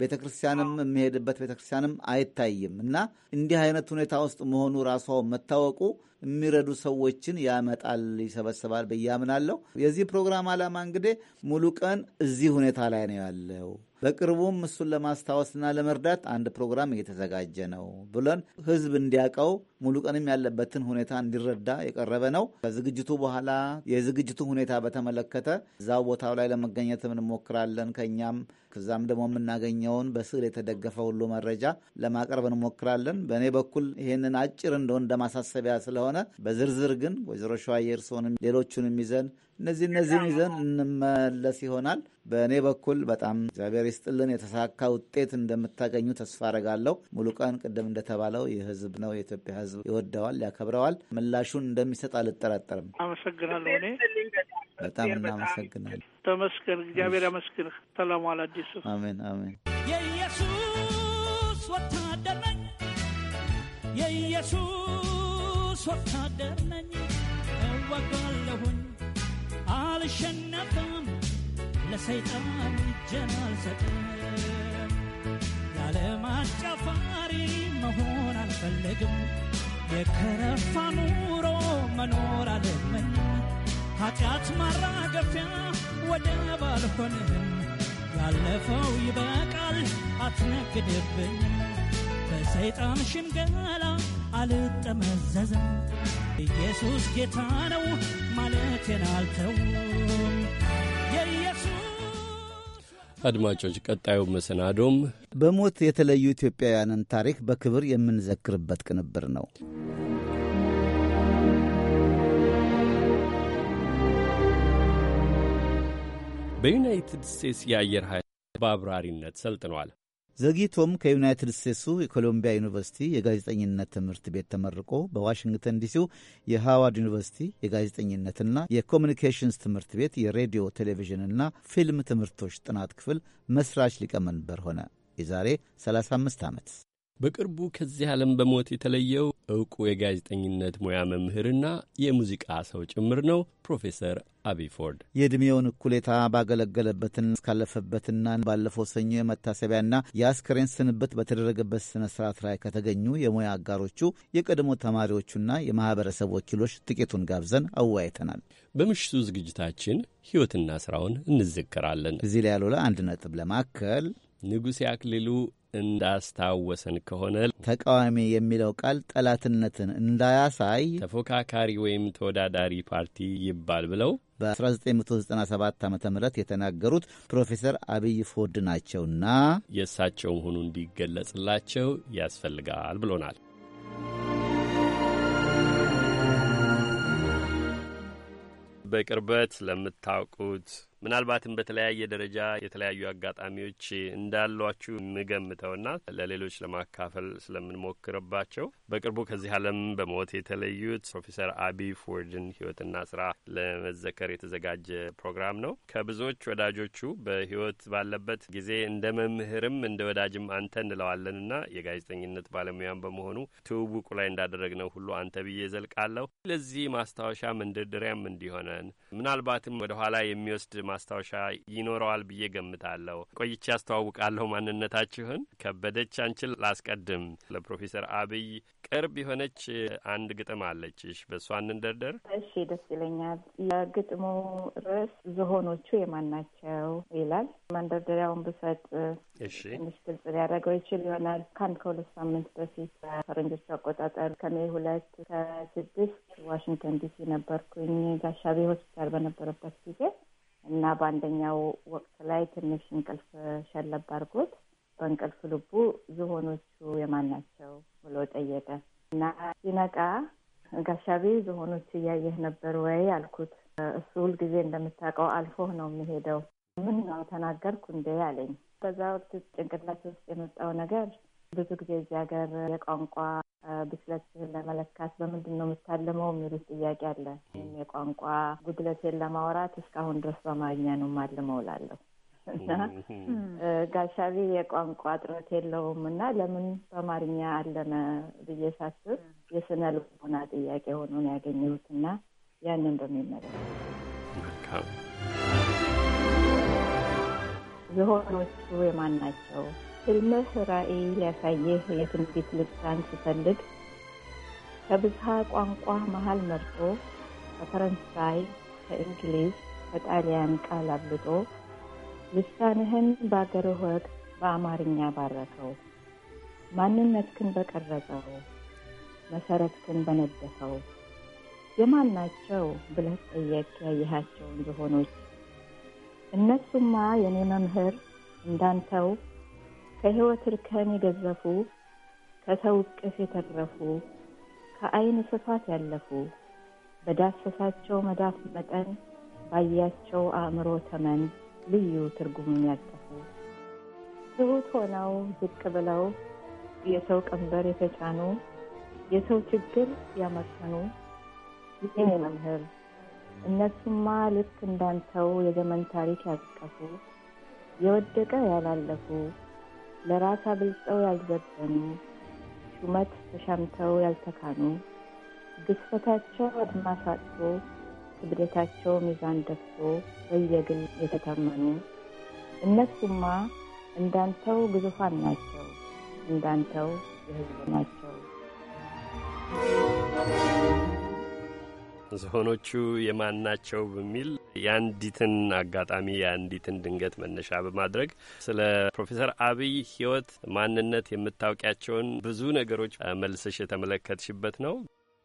ቤተክርስቲያንም የሚሄድበት ቤተክርስቲያንም አይታይም እና እንዲህ አይነት ሁኔታ ውስጥ መሆኑ ራሷ መታወቁ የሚረዱ ሰዎችን ያመጣል፣ ይሰበስባል ብዬ አምናለሁ። የዚህ ፕሮግራም ዓላማ እንግዲህ ሙሉ ቀን እዚህ ሁኔታ ላይ ነው ያለው። በቅርቡም እሱን ለማስታወስና ለመርዳት አንድ ፕሮግራም እየተዘጋጀ ነው ብለን ህዝብ እንዲያውቀው ሙሉ ቀንም ያለበትን ሁኔታ እንዲረዳ የቀረበ ነው። ከዝግጅቱ በኋላ የዝግጅቱ ሁኔታ በተመለከተ እዛው ቦታው ላይ ለመገኘትም እንሞክራለን። ከኛም ከዛም ደግሞ የምናገኘውን በስዕል የተደገፈ ሁሉ መረጃ ለማቅረብ እንሞክራለን። በእኔ በኩል ይህንን አጭር እንደሆን እንደማሳሰቢያ ስለሆነ ስለሆነ በዝርዝር ግን ወይዘሮ ሸዋየርሶንም ሌሎቹንም ይዘን እነዚህ እነዚህን ይዘን እንመለስ ይሆናል። በእኔ በኩል በጣም እግዚአብሔር ይስጥልን የተሳካ ውጤት እንደምታገኙ ተስፋ አረጋለሁ። ሙሉ ቀን ቅድም እንደተባለው ይህ ህዝብ ነው፣ የኢትዮጵያ ህዝብ ይወደዋል፣ ያከብረዋል። ምላሹን እንደሚሰጥ አልጠራጠርም። አመሰግናለሁ። እኔ በጣም እናመሰግናለን። ተመስገን፣ እግዚአብሔር ያመስግን። ሰላም ዋል። አዲሱ አሜን፣ አሜን። የኢየሱስ ወታደር ነኝ የኢየሱስ የነፍስ ወታደር ነኝ እወጋለሁኝ አልሸነፍም ለሰይጣን እጄን አልሰጥም የዓለም አጫፋሪ መሆን አልፈልግም የከረፋ ኑሮ መኖር አልመኝም ኃጢአት ማራገፊያ ወደብ አልሆንም ያለፈው ይበቃል አትነግድብኝ በሰይጣን ሽንገላ አልጠመዘዘም። ኢየሱስ ጌታ ነው ማለቴን አልተውም። አድማጮች ቀጣዩ መሰናዶም በሞት የተለዩ ኢትዮጵያውያንን ታሪክ በክብር የምንዘክርበት ቅንብር ነው። በዩናይትድ ስቴትስ የአየር ኃይል በአብራሪነት ሰልጥኗል። ዘግይቶም ከዩናይትድ ስቴትሱ የኮሎምቢያ ዩኒቨርሲቲ የጋዜጠኝነት ትምህርት ቤት ተመርቆ በዋሽንግተን ዲሲው የሃዋርድ ዩኒቨርሲቲ የጋዜጠኝነትና የኮሚኒኬሽንስ ትምህርት ቤት የሬዲዮ ቴሌቪዥንና ፊልም ትምህርቶች ጥናት ክፍል መስራች ሊቀመንበር ሆነ። የዛሬ 35 ዓመት በቅርቡ ከዚህ ዓለም በሞት የተለየው እውቁ የጋዜጠኝነት ሙያ መምህርና የሙዚቃ ሰው ጭምር ነው ፕሮፌሰር አብይ ፎርድ የዕድሜውን እኩሌታ ባገለገለበትን እስካለፈበትና ባለፈው ሰኞ የመታሰቢያና የአስከሬን ስንብት በተደረገበት ስነ ስርዓት ላይ ከተገኙ የሙያ አጋሮቹ የቀድሞ ተማሪዎቹና የማኅበረሰብ ወኪሎች ጥቂቱን ጋብዘን አወያይተናል። በምሽቱ ዝግጅታችን ሕይወትና ስራውን እንዘከራለን። እዚህ ላይ ያሉላ አንድ ነጥብ ለማከል ንጉሴ አክሊሉ እንዳስታወሰን ከሆነ ተቃዋሚ የሚለው ቃል ጠላትነትን እንዳያሳይ ተፎካካሪ ወይም ተወዳዳሪ ፓርቲ ይባል ብለው በ1997 ዓ ም የተናገሩት ፕሮፌሰር አብይ ፎርድ ናቸውና የእሳቸው መሆኑ እንዲገለጽላቸው ያስፈልጋል ብሎናል። በቅርበት ለምታውቁት ምናልባትም በተለያየ ደረጃ የተለያዩ አጋጣሚዎች እንዳሏችሁ የምገምተውና ለሌሎች ለማካፈል ስለምንሞክርባቸው በቅርቡ ከዚህ ዓለም በሞት የተለዩት ፕሮፌሰር አቢ ፎርድን ሕይወትና ስራ ለመዘከር የተዘጋጀ ፕሮግራም ነው። ከብዙዎች ወዳጆቹ በሕይወት ባለበት ጊዜ እንደ መምህርም እንደ ወዳጅም አንተ እንለዋለንና የጋዜጠኝነት ባለሙያም በመሆኑ ትውውቁ ላይ እንዳደረግነው ሁሉ አንተ ብዬ ዘልቃለሁ። ለዚህ ማስታወሻ መንደርደሪያም እንዲሆነን ምናልባትም ወደኋላ የሚወስድ ማስታወሻ ይኖረዋል ብዬ ገምታለሁ። ቆይቼ ያስተዋውቃለሁ ማንነታችሁን። ከበደች አንችል ላስቀድም። ለፕሮፌሰር አብይ ቅርብ የሆነች አንድ ግጥም አለችሽ፣ በእሷ እንደርደር። እሺ፣ ደስ ይለኛል። የግጥሙ ርዕስ ዝሆኖቹ የማናቸው ይላል። መንደርደሪያውን ብሰጥ እሺ፣ ትንሽ ግልጽ ሊያደርገው ይችል ይሆናል። ከአንድ ከሁለት ሳምንት በፊት ፈረንጆቹ አቆጣጠር ከሜ ሁለት ከስድስት ዋሽንግተን ዲሲ ነበርኩኝ ጋሻቤ ሆስፒታል በነበረበት ጊዜ እና በአንደኛው ወቅት ላይ ትንሽ እንቅልፍ ሸለብ አድርጎት በእንቅልፍ ልቡ ዝሆኖቹ የማን ናቸው ብሎ ጠየቀ እና ሲነቃ ጋሻቤ ዝሆኖቹ እያየህ ነበር ወይ አልኩት። እሱ ሁልጊዜ እንደምታውቀው አልፎህ ነው የሚሄደው። ምን ነው ተናገርኩ እንዴ አለኝ። በዛ ወቅት ጭንቅላት ውስጥ የመጣው ነገር ብዙ ጊዜ እዚህ ሀገር የቋንቋ ብስለትህን ለመለካት በምንድን ነው የምታልመው የሚሉት ጥያቄ አለ። ወይም የቋንቋ ጉድለቴን ለማውራት እስካሁን ድረስ በአማርኛ ነው የማልመው እላለሁ እና ጋሻቢ የቋንቋ ጥረት የለውም እና ለምን በአማርኛ አለመ ብዬ ሳስብ የስነ ልቦና ጥያቄ ሆኖ ነው ያገኘሁት እና ያንን በሚመለከት ዝሆኖቹ የማን ናቸው? ሕልምህ ራእይ ሊያሳየህ የትንቢት ልብሳን ሲፈልግ ከብዝሃ ቋንቋ መሃል መርጦ ከፈረንሳይ፣ ከእንግሊዝ፣ ከጣሊያን ቃል አብልጦ ልሳንህን በአገርህ ወግ በአማርኛ ባረከው። ማንነትክን በቀረጸው መሰረትክን በነደፈው የማን ናቸው ብለህ ጠየቅ ያየሃቸውን ዝሆኖች እነሱማ የኔ መምህር እንዳንተው ከሕይወት እርከን የገዘፉ፣ ከሰው እቅፍ የተረፉ፣ ከአይን ስፋት ያለፉ፣ በዳሰሳቸው መዳፍ መጠን፣ ባያቸው አእምሮ ተመን ልዩ ትርጉምን ያጠፉ፣ ትሑት ሆነው ዝቅ ብለው የሰው ቀንበር የተጫኑ፣ የሰው ችግር ያመከኑ የኔ መምህር እነሱማ ልክ እንዳንተው የዘመን ታሪክ ያዘቀፉ የወደቀ ያላለፉ ለራስ አብልጠው ያልዘበኑ፣ ሹመት ተሻምተው ያልተካኑ፣ ግዝፈታቸው አድማስ ክብደታቸው ሚዛን ደፍቶ በየግል የተተመኑ እነሱማ እንዳንተው ግዙፋን ናቸው፣ እንዳንተው የህዝብ ናቸው። ዝሆኖቹ የማን ናቸው በሚል የአንዲትን አጋጣሚ የአንዲትን ድንገት መነሻ በማድረግ ስለ ፕሮፌሰር አብይ ህይወት ማንነት የምታውቂያቸውን ብዙ ነገሮች መልሰሽ የተመለከትሽበት ነው።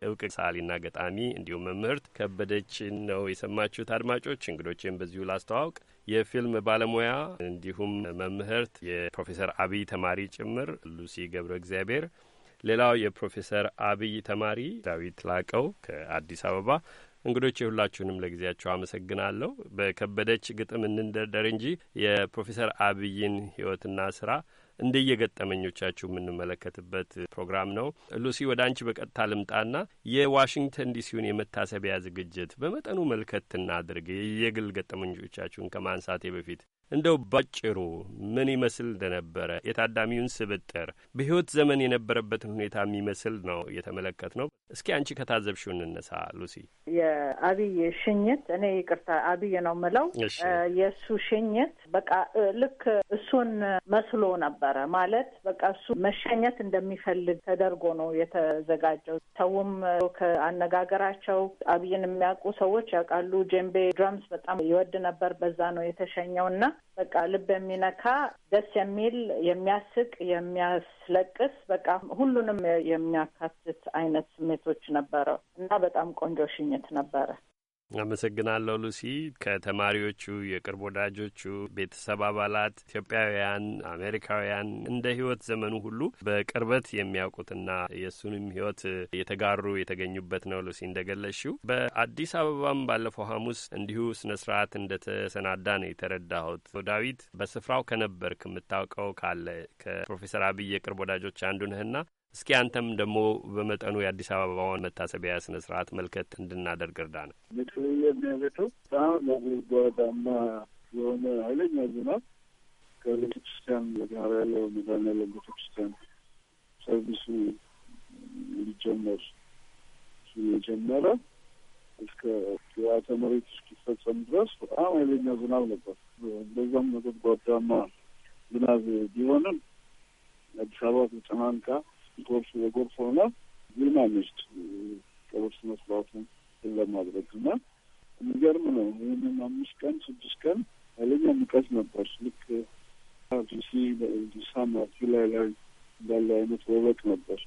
እውቅ ሰዓሊና ገጣሚ እንዲሁም መምህርት ከበደች ነው የሰማችሁት። አድማጮች እንግዶችን በዚሁ ላስተዋውቅ። የፊልም ባለሙያ እንዲሁም መምህርት የፕሮፌሰር አብይ ተማሪ ጭምር ሉሲ ገብረ እግዚአብሔር ሌላው የፕሮፌሰር አብይ ተማሪ ዳዊት ላቀው ከአዲስ አበባ እንግዶች የሁላችሁንም ለጊዜያቸው አመሰግናለሁ። በከበደች ግጥም እንንደርደር እንጂ የፕሮፌሰር አብይን ህይወትና ስራ እንደየገጠመኞቻችሁ የምንመለከትበት ፕሮግራም ነው። ሉሲ ወደ አንቺ በቀጥታ ልምጣና የዋሽንግተን ዲሲውን የመታሰቢያ ዝግጅት በመጠኑ መልከት እናድርግ። የየግል ገጠመኞቻችሁን ከማንሳቴ በፊት እንደው ባጭሩ ምን ይመስል እንደነበረ የታዳሚውን ስብጥር በሕይወት ዘመን የነበረበትን ሁኔታ የሚመስል ነው የተመለከት ነው። እስኪ አንቺ ከታዘብሽው እንነሳ ሉሲ። የአብይ ሽኝት እኔ ይቅርታ አብይ ነው ምለው፣ የእሱ ሽኝት በቃ ልክ እሱን መስሎ ነበረ ማለት በቃ እሱ መሸኘት እንደሚፈልግ ተደርጎ ነው የተዘጋጀው። ሰውም ከአነጋገራቸው አብይን የሚያውቁ ሰዎች ያውቃሉ። ጄምቤ ድራምስ በጣም ይወድ ነበር፣ በዛ ነው የተሸኘው እና በቃ ልብ የሚነካ ደስ የሚል የሚያስቅ፣ የሚያስለቅስ በቃ ሁሉንም የሚያካትት አይነት ስሜቶች ነበረው እና በጣም ቆንጆ ሽኝት ነበረ። አመሰግናለሁ ሉሲ። ከተማሪዎቹ የቅርብ ወዳጆቹ፣ ቤተሰብ አባላት ኢትዮጵያውያን፣ አሜሪካውያን እንደ ህይወት ዘመኑ ሁሉ በቅርበት የሚያውቁትና የእሱንም ህይወት የተጋሩ የተገኙበት ነው። ሉሲ እንደገለሽው በአዲስ አበባም ባለፈው ሐሙስ እንዲሁ ስነ ስርዓት እንደተሰናዳ ነው የተረዳሁት። ዳዊት በስፍራው ከነበርክ የምታውቀው ካለ ከፕሮፌሰር አብይ የቅርብ ወዳጆች አንዱ ነህና እስኪ አንተም ደግሞ በመጠኑ የአዲስ አበባውን መታሰቢያ ስነ ስርዓት መልከት እንድናደርግ እርዳ ነው። በተለየ በጣም የሆነ ኃይለኛ ዝናብ ከቤተክርስቲያን ጋር ያለው ሚዛን ያለው ቤተክርስቲያን ሰርቪሱ ሊጀመር የጀመረ እስከ የአተ መሬት እስኪፈጸም ድረስ በጣም ኃይለኛ ዝናብ ነበር። እንደዛም ነጎድጓዳማ ዝናብ ቢሆንም አዲስ አበባ ተጨናንቃ ጎርፍ ጎርፍ ሆና ዝናነች ቀበብ ስነ ስርዓቱን ለማድረግ እና የሚገርም ነው። ይህንን አምስት ቀን ስድስት ቀን ኃይለኛ ሙቀት ነበር። ልክ ዲሲ ሳማ ጁላይ ላይ እንዳለ አይነት ወበቅ ነበር።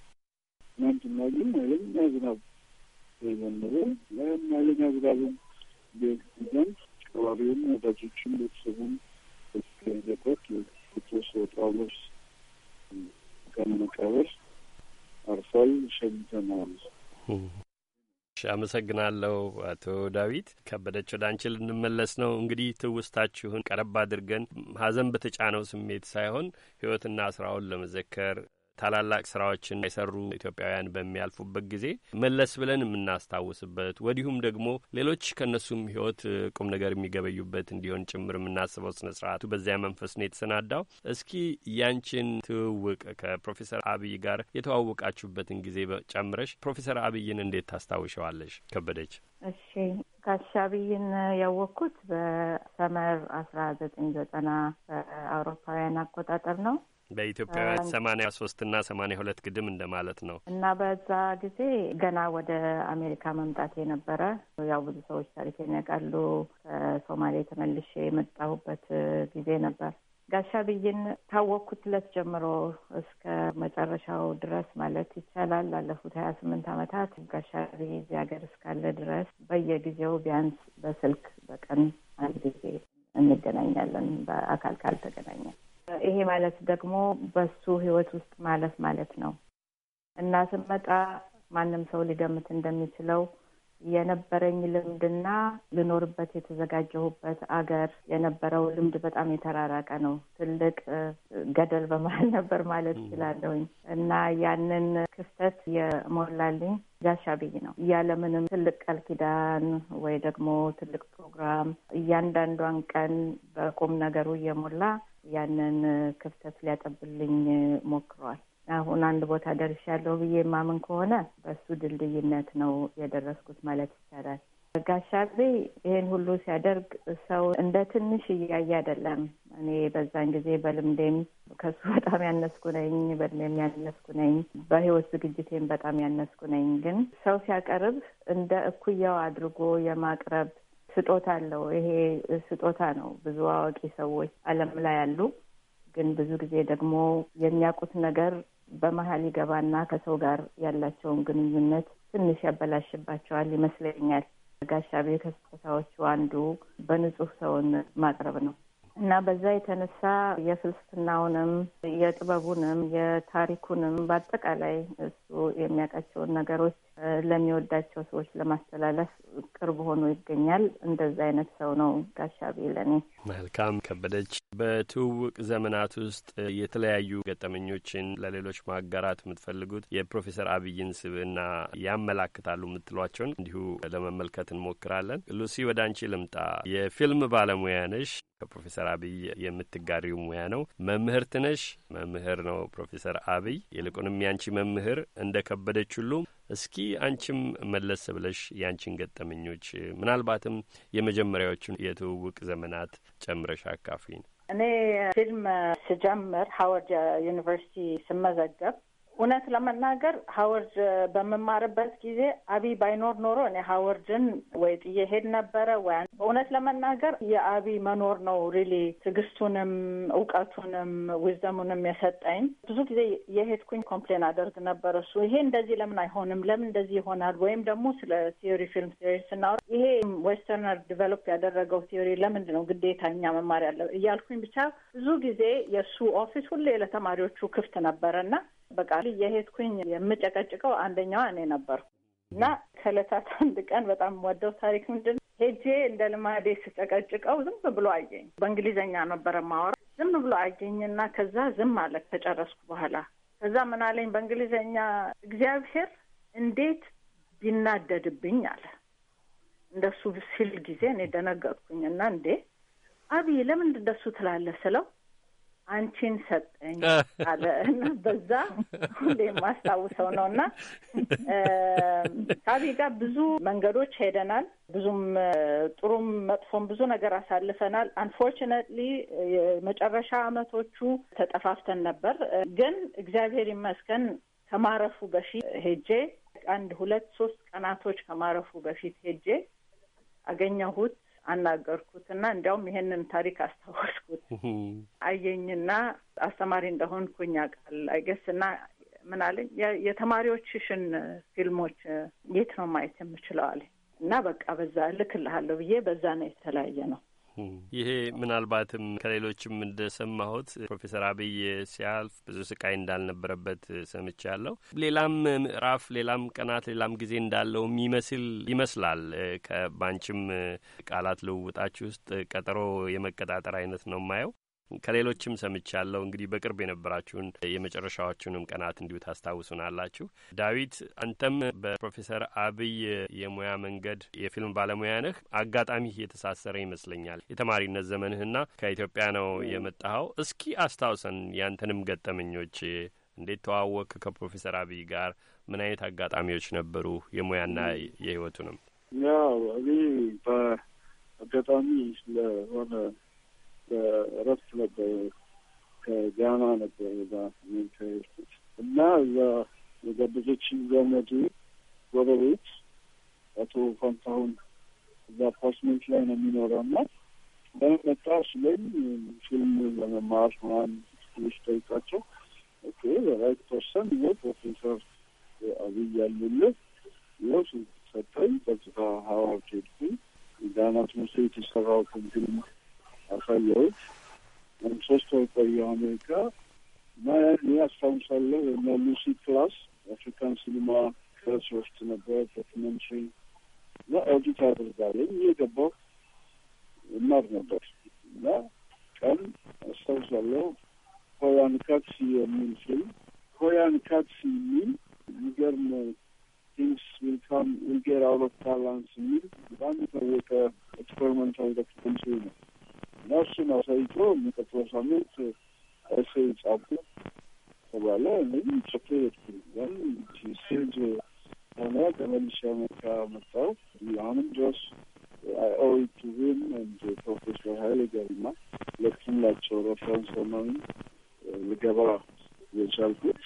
ትናንትና ግን ኃይለኛ ዝናብ ዘነበ። ኃይለኛ ዝናብን ቤትዘን አካባቢውን ወዳጆችን ቤተሰቡን በት የተወሰ ጣውሎስ ከመቃበር ፈርሰው ሸኝተናል። አመሰግናለሁ አቶ ዳዊት ከበደች። ወደ አንቺ ልንመለስ ነው። እንግዲህ ትውስታችሁን ቀረብ አድርገን ሀዘን በተጫነው ስሜት ሳይሆን ህይወትና ስራውን ለመዘከር ታላላቅ ስራዎችን የሰሩ ኢትዮጵያውያን በሚያልፉበት ጊዜ መለስ ብለን የምናስታውስበት ወዲሁም ደግሞ ሌሎች ከእነሱም ህይወት ቁም ነገር የሚገበዩበት እንዲሆን ጭምር የምናስበው ስነ ስርአቱ በዚያ መንፈስ ነው የተሰናዳው። እስኪ ያንቺን ትውውቅ ከፕሮፌሰር አብይ ጋር የተዋወቃችሁበትን ጊዜ ጨምረሽ ፕሮፌሰር አብይን እንዴት ታስታውሸዋለሽ? ከበደች እሺ ጋሽ አብይን ያወቅኩት በሰመር አስራ ዘጠኝ ዘጠና በአውሮፓውያን አቆጣጠር ነው። በኢትዮጵያ ሰማኒያ ሶስት እና ሰማኒያ ሁለት ግድም እንደማለት ነው እና በዛ ጊዜ ገና ወደ አሜሪካ መምጣት የነበረ ያው ብዙ ሰዎች ታሪክ ያውቃሉ። ከሶማሌ ተመልሼ የመጣሁበት ጊዜ ነበር። ጋሻ ብይን ታወቅኩት ለት ጀምሮ እስከ መጨረሻው ድረስ ማለት ይቻላል ላለፉት ሀያ ስምንት ዓመታት ጋሻ ብይ እዚህ ሀገር እስካለ ድረስ በየጊዜው ቢያንስ በስልክ በቀን አንድ ጊዜ እንገናኛለን። በአካል ካልተገናኘን ይሄ ማለት ደግሞ በሱ ህይወት ውስጥ ማለፍ ማለት ነው እና ስመጣ ማንም ሰው ሊገምት እንደሚችለው የነበረኝ ልምድና ልኖርበት የተዘጋጀሁበት አገር የነበረው ልምድ በጣም የተራራቀ ነው። ትልቅ ገደል በመሀል ነበር ማለት እችላለሁኝ እና ያንን ክፍተት የሞላልኝ ጋሻ ብይ ነው። ያለምንም ትልቅ ቃል ኪዳን ወይ ደግሞ ትልቅ ፕሮግራም እያንዳንዷን ቀን በቁም ነገሩ እየሞላ ያንን ክፍተት ሊያጠብልኝ ሞክሯል። አሁን አንድ ቦታ ደርሻለሁ ብዬ የማምን ከሆነ በሱ ድልድይነት ነው የደረስኩት ማለት ይቻላል። ጋሻቤ ይህን ሁሉ ሲያደርግ ሰው እንደ ትንሽ እያየ አይደለም። እኔ በዛን ጊዜ በልምዴም ከሱ በጣም ያነስኩ ነኝ፣ በእድሜም ያነስኩ ነኝ፣ በህይወት ዝግጅቴም በጣም ያነስኩ ነኝ። ግን ሰው ሲያቀርብ እንደ እኩያው አድርጎ የማቅረብ ስጦታ አለው። ይሄ ስጦታ ነው። ብዙ አዋቂ ሰዎች ዓለም ላይ አሉ። ግን ብዙ ጊዜ ደግሞ የሚያውቁት ነገር በመሀል ይገባና ከሰው ጋር ያላቸውን ግንኙነት ትንሽ ያበላሽባቸዋል ይመስለኛል። ጋሻቤ ከስጦታዎቹ አንዱ በንጹህ ሰውን ማቅረብ ነው እና በዛ የተነሳ የፍልስፍናውንም የጥበቡንም የታሪኩንም በአጠቃላይ እሱ የሚያውቃቸውን ነገሮች ለሚወዳቸው ሰዎች ለማስተላለፍ ቅርብ ሆኖ ይገኛል። እንደዛ አይነት ሰው ነው ጋሽ ለኔ። መልካም ከበደች፣ በትውውቅ ዘመናት ውስጥ የተለያዩ ገጠመኞችን ለሌሎች ማጋራት የምትፈልጉት የፕሮፌሰር አብይን ስብዕና ያመላክታሉ የምትሏቸውን እንዲሁ ለመመልከት እንሞክራለን። ሉሲ ወደ አንቺ ልምጣ። የፊልም ባለሙያ ነሽ። ከፕሮፌሰር አብይ የምትጋሪው ሙያ ነው። መምህርት ነሽ። መምህር ነው ፕሮፌሰር አብይ። ይልቁንም ያንቺ መምህር እንደ ከበደች ሁሉ እስኪ አንቺም መለስ ብለሽ ያንቺን ገጠመኞች ምናልባትም የመጀመሪያዎቹን የትውውቅ ዘመናት ጨምረሽ አካፍኝ። እኔ ፊልም ስጀምር ሀዋርድ ዩኒቨርሲቲ ስመዘገብ እውነት ለመናገር ሀወርድ በምማርበት ጊዜ አቢ ባይኖር ኖሮ እኔ ሀወርድን ወይ ጥዬ ሄድ ነበረ ወይ እውነት ለመናገር የአቢ መኖር ነው ሪሊ ትዕግስቱንም እውቀቱንም ዊዝደሙንም የሰጠኝ። ብዙ ጊዜ የሄድኩኝ ኮምፕሌን አደርግ ነበር እሱ ይሄ እንደዚህ ለምን አይሆንም፣ ለምን እንደዚህ ይሆናል፣ ወይም ደግሞ ስለ ቲዮሪ ፊልም ቲዮሪ ስናወራ ይሄ ዌስተርነር ዲቨሎፕ ያደረገው ቲዮሪ ለምንድ ነው ግዴታ እኛ መማር ያለ እያልኩኝ ብቻ ብዙ ጊዜ የእሱ ኦፊስ ሁሌ ለተማሪዎቹ ክፍት ነበረ እና በቃ የሄድኩኝ የምጨቀጭቀው አንደኛዋ እኔ ነበር እና ከእለታት አንድ ቀን በጣም ወደው ታሪክ ምንድን ሄጄ እንደ ልማዴ ስጨቀጭቀው ዝም ብሎ አየኝ። በእንግሊዝኛ ነበረ ማወራ። ዝም ብሎ አየኝና ከዛ ዝም አለ ከጨረስኩ በኋላ። ከዛ ምን አለኝ በእንግሊዝኛ እግዚአብሔር እንዴት ቢናደድብኝ አለ። እንደሱ ሲል ጊዜ እኔ ደነገጥኩኝ እና እንዴ አብይ ለምን እንደሱ ትላለህ ስለው አንቺን ሰጠኝ አለ እና በዛ ሁሌ የማስታውሰው ነው። እና ሳቢ ጋር ብዙ መንገዶች ሄደናል። ብዙም ጥሩም መጥፎም ብዙ ነገር አሳልፈናል። አንፎርችነትሊ የመጨረሻ አመቶቹ ተጠፋፍተን ነበር፣ ግን እግዚአብሔር ይመስገን ከማረፉ በፊት ሄጄ አንድ ሁለት ሶስት ቀናቶች ከማረፉ በፊት ሄጄ አገኘሁት። አናገርኩት እና እንዲያውም ይሄንን ታሪክ አስታወስኩት። አየኝና አስተማሪ እንደሆንኩኝ ያውቃል አይገስ እና ምን አለኝ የተማሪዎችሽን ፊልሞች የት ነው ማየት የምችለው አለኝ እና በቃ በዛ እልክልሃለሁ ብዬ በዛ ነው የተለያየ ነው ይሄ ምናልባትም ከሌሎችም እንደሰማሁት ፕሮፌሰር አብይ ሲያልፍ ብዙ ስቃይ እንዳልነበረበት ሰምቻለሁ። ሌላም ምዕራፍ፣ ሌላም ቀናት፣ ሌላም ጊዜ እንዳለው የሚመስል ይመስላል። ከባንችም ቃላት ልውውጣችሁ ውስጥ ቀጠሮ የመቀጣጠር አይነት ነው የማየው። ከሌሎችም ሰምቻለሁ። እንግዲህ በቅርብ የነበራችሁን የመጨረሻዎቹንም ቀናት እንዲሁ ታስታውሱናላችሁ። ዳዊት፣ አንተም በፕሮፌሰር አብይ የሙያ መንገድ የፊልም ባለሙያ ነህ። አጋጣሚ የተሳሰረ ይመስለኛል የተማሪነት ዘመንህና ከኢትዮጵያ ነው የመጣኸው። እስኪ አስታውሰን ያንተንም ገጠመኞች። እንዴት ተዋወክ ከፕሮፌሰር አብይ ጋር? ምን አይነት አጋጣሚዎች ነበሩ? የሙያና የህይወቱንም ያው እኔ በአጋጣሚ ለሆነ በእረፍት ነበር ከጋና ነበር እዛ እና እዛ የጋበዘች ዘመድ ጎረቤት አቶ ፋንታሁን እዛ አፓርትመንት ላይ ነው የሚኖረው እና ለምን መጣ ሲለኝ ፊልም ለመማር ማን ትንሽ ጠይቃቸው ኦኬ በራይት ፐርሰን ይኸው ፕሮፌሰር አብይ ያሉልህ ይኸው ሰጠኝ። ቀጥታ ሀዋርድ ሄድኩኝ። ጋና ትምህርት ቤት የሰራሁትን ፊልም ያሳየሁት ሶስት ወር ቆየሁ አሜሪካ እና እኔ አስታውሳለሁ እና ሉሲ ክላስ አፍሪካን ሲኒማ ክላስ ወስድ ነበር ዶክመንትሪ እና ኦዲት አድርጋለኝ እየገባሁ እማር ነበር እና ቀን አስታውሳለሁ ኮያን ካትሲ የሚል ፊልም ኮያን ካትሲ የሚል የሚገርም ቲንግስ ዊልካም ዊልጌር አውሮፕላንስ የሚል በአንድ ታወቀ ኤክስፐሪመንታል ዶክመንትሪ ነው national saitoni kathosa mese aseitsapu obale nenitsopeti yanti senje anaka nalishama ka matau the honor just I owe it to him and uh, Professor Haile Garima, Lekin Lachora, Franz Oman, Legaba, Yachalkut,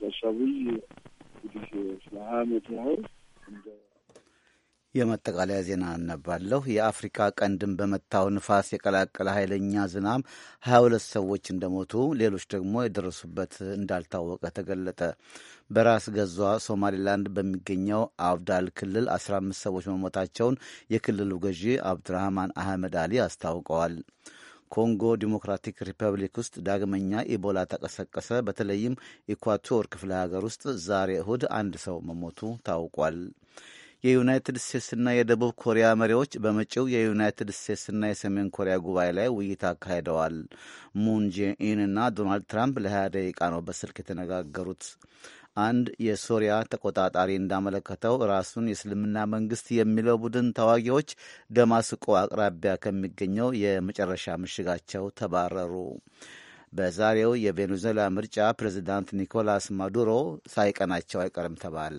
Tashavi, which is Mohammed Lahal. የመጠቃለያ ዜና አነባለሁ። የአፍሪካ ቀንድን በመታው ንፋስ የቀላቀለ ኃይለኛ ዝናብ 22 ሰዎች እንደሞቱ ሌሎች ደግሞ የደረሱበት እንዳልታወቀ ተገለጠ። በራስ ገዟ ሶማሌላንድ በሚገኘው አብዳል ክልል 15 ሰዎች መሞታቸውን የክልሉ ገዢ አብድራህማን አህመድ አሊ አስታውቀዋል። ኮንጎ ዲሞክራቲክ ሪፐብሊክ ውስጥ ዳግመኛ ኢቦላ ተቀሰቀሰ። በተለይም ኢኳቶር ክፍለ ሀገር ውስጥ ዛሬ እሁድ አንድ ሰው መሞቱ ታውቋል። የዩናይትድ ስቴትስና የደቡብ ኮሪያ መሪዎች በመጪው የዩናይትድ ስቴትስና የሰሜን ኮሪያ ጉባኤ ላይ ውይይት አካሂደዋል። እና ዶናልድ ትራምፕ ለ ለ20 ደቂቃ ነው በስልክ የተነጋገሩት። አንድ የሶሪያ ተቆጣጣሪ እንዳመለከተው ራሱን የእስልምና መንግስት የሚለው ቡድን ተዋጊዎች ደማስቆ አቅራቢያ ከሚገኘው የመጨረሻ ምሽጋቸው ተባረሩ። በዛሬው የቬኔዙዌላ ምርጫ ፕሬዚዳንት ኒኮላስ ማዱሮ ሳይቀናቸው አይቀርም ተባለ።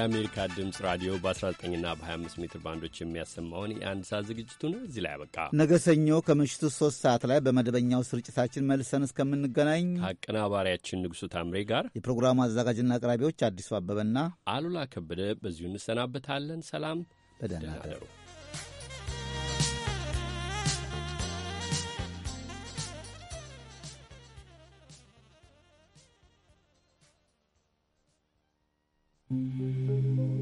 የአሜሪካ ድምፅ ራዲዮ በ19ና በ25 ሜትር ባንዶች የሚያሰማውን የአንድ ሰዓት ዝግጅቱን እዚህ ላይ ያበቃ። ነገ ሰኞ ከምሽቱ ሶስት ሰዓት ላይ በመደበኛው ስርጭታችን መልሰን እስከምንገናኝ ከአቀናባሪያችን ንጉሱ ታምሬ ጋር የፕሮግራሙ አዘጋጅና አቅራቢዎች አዲሱ አበበና አሉላ ከበደ በዚሁ እንሰናበታለን። ሰላም፣ በደህና እደሩ። Thank you.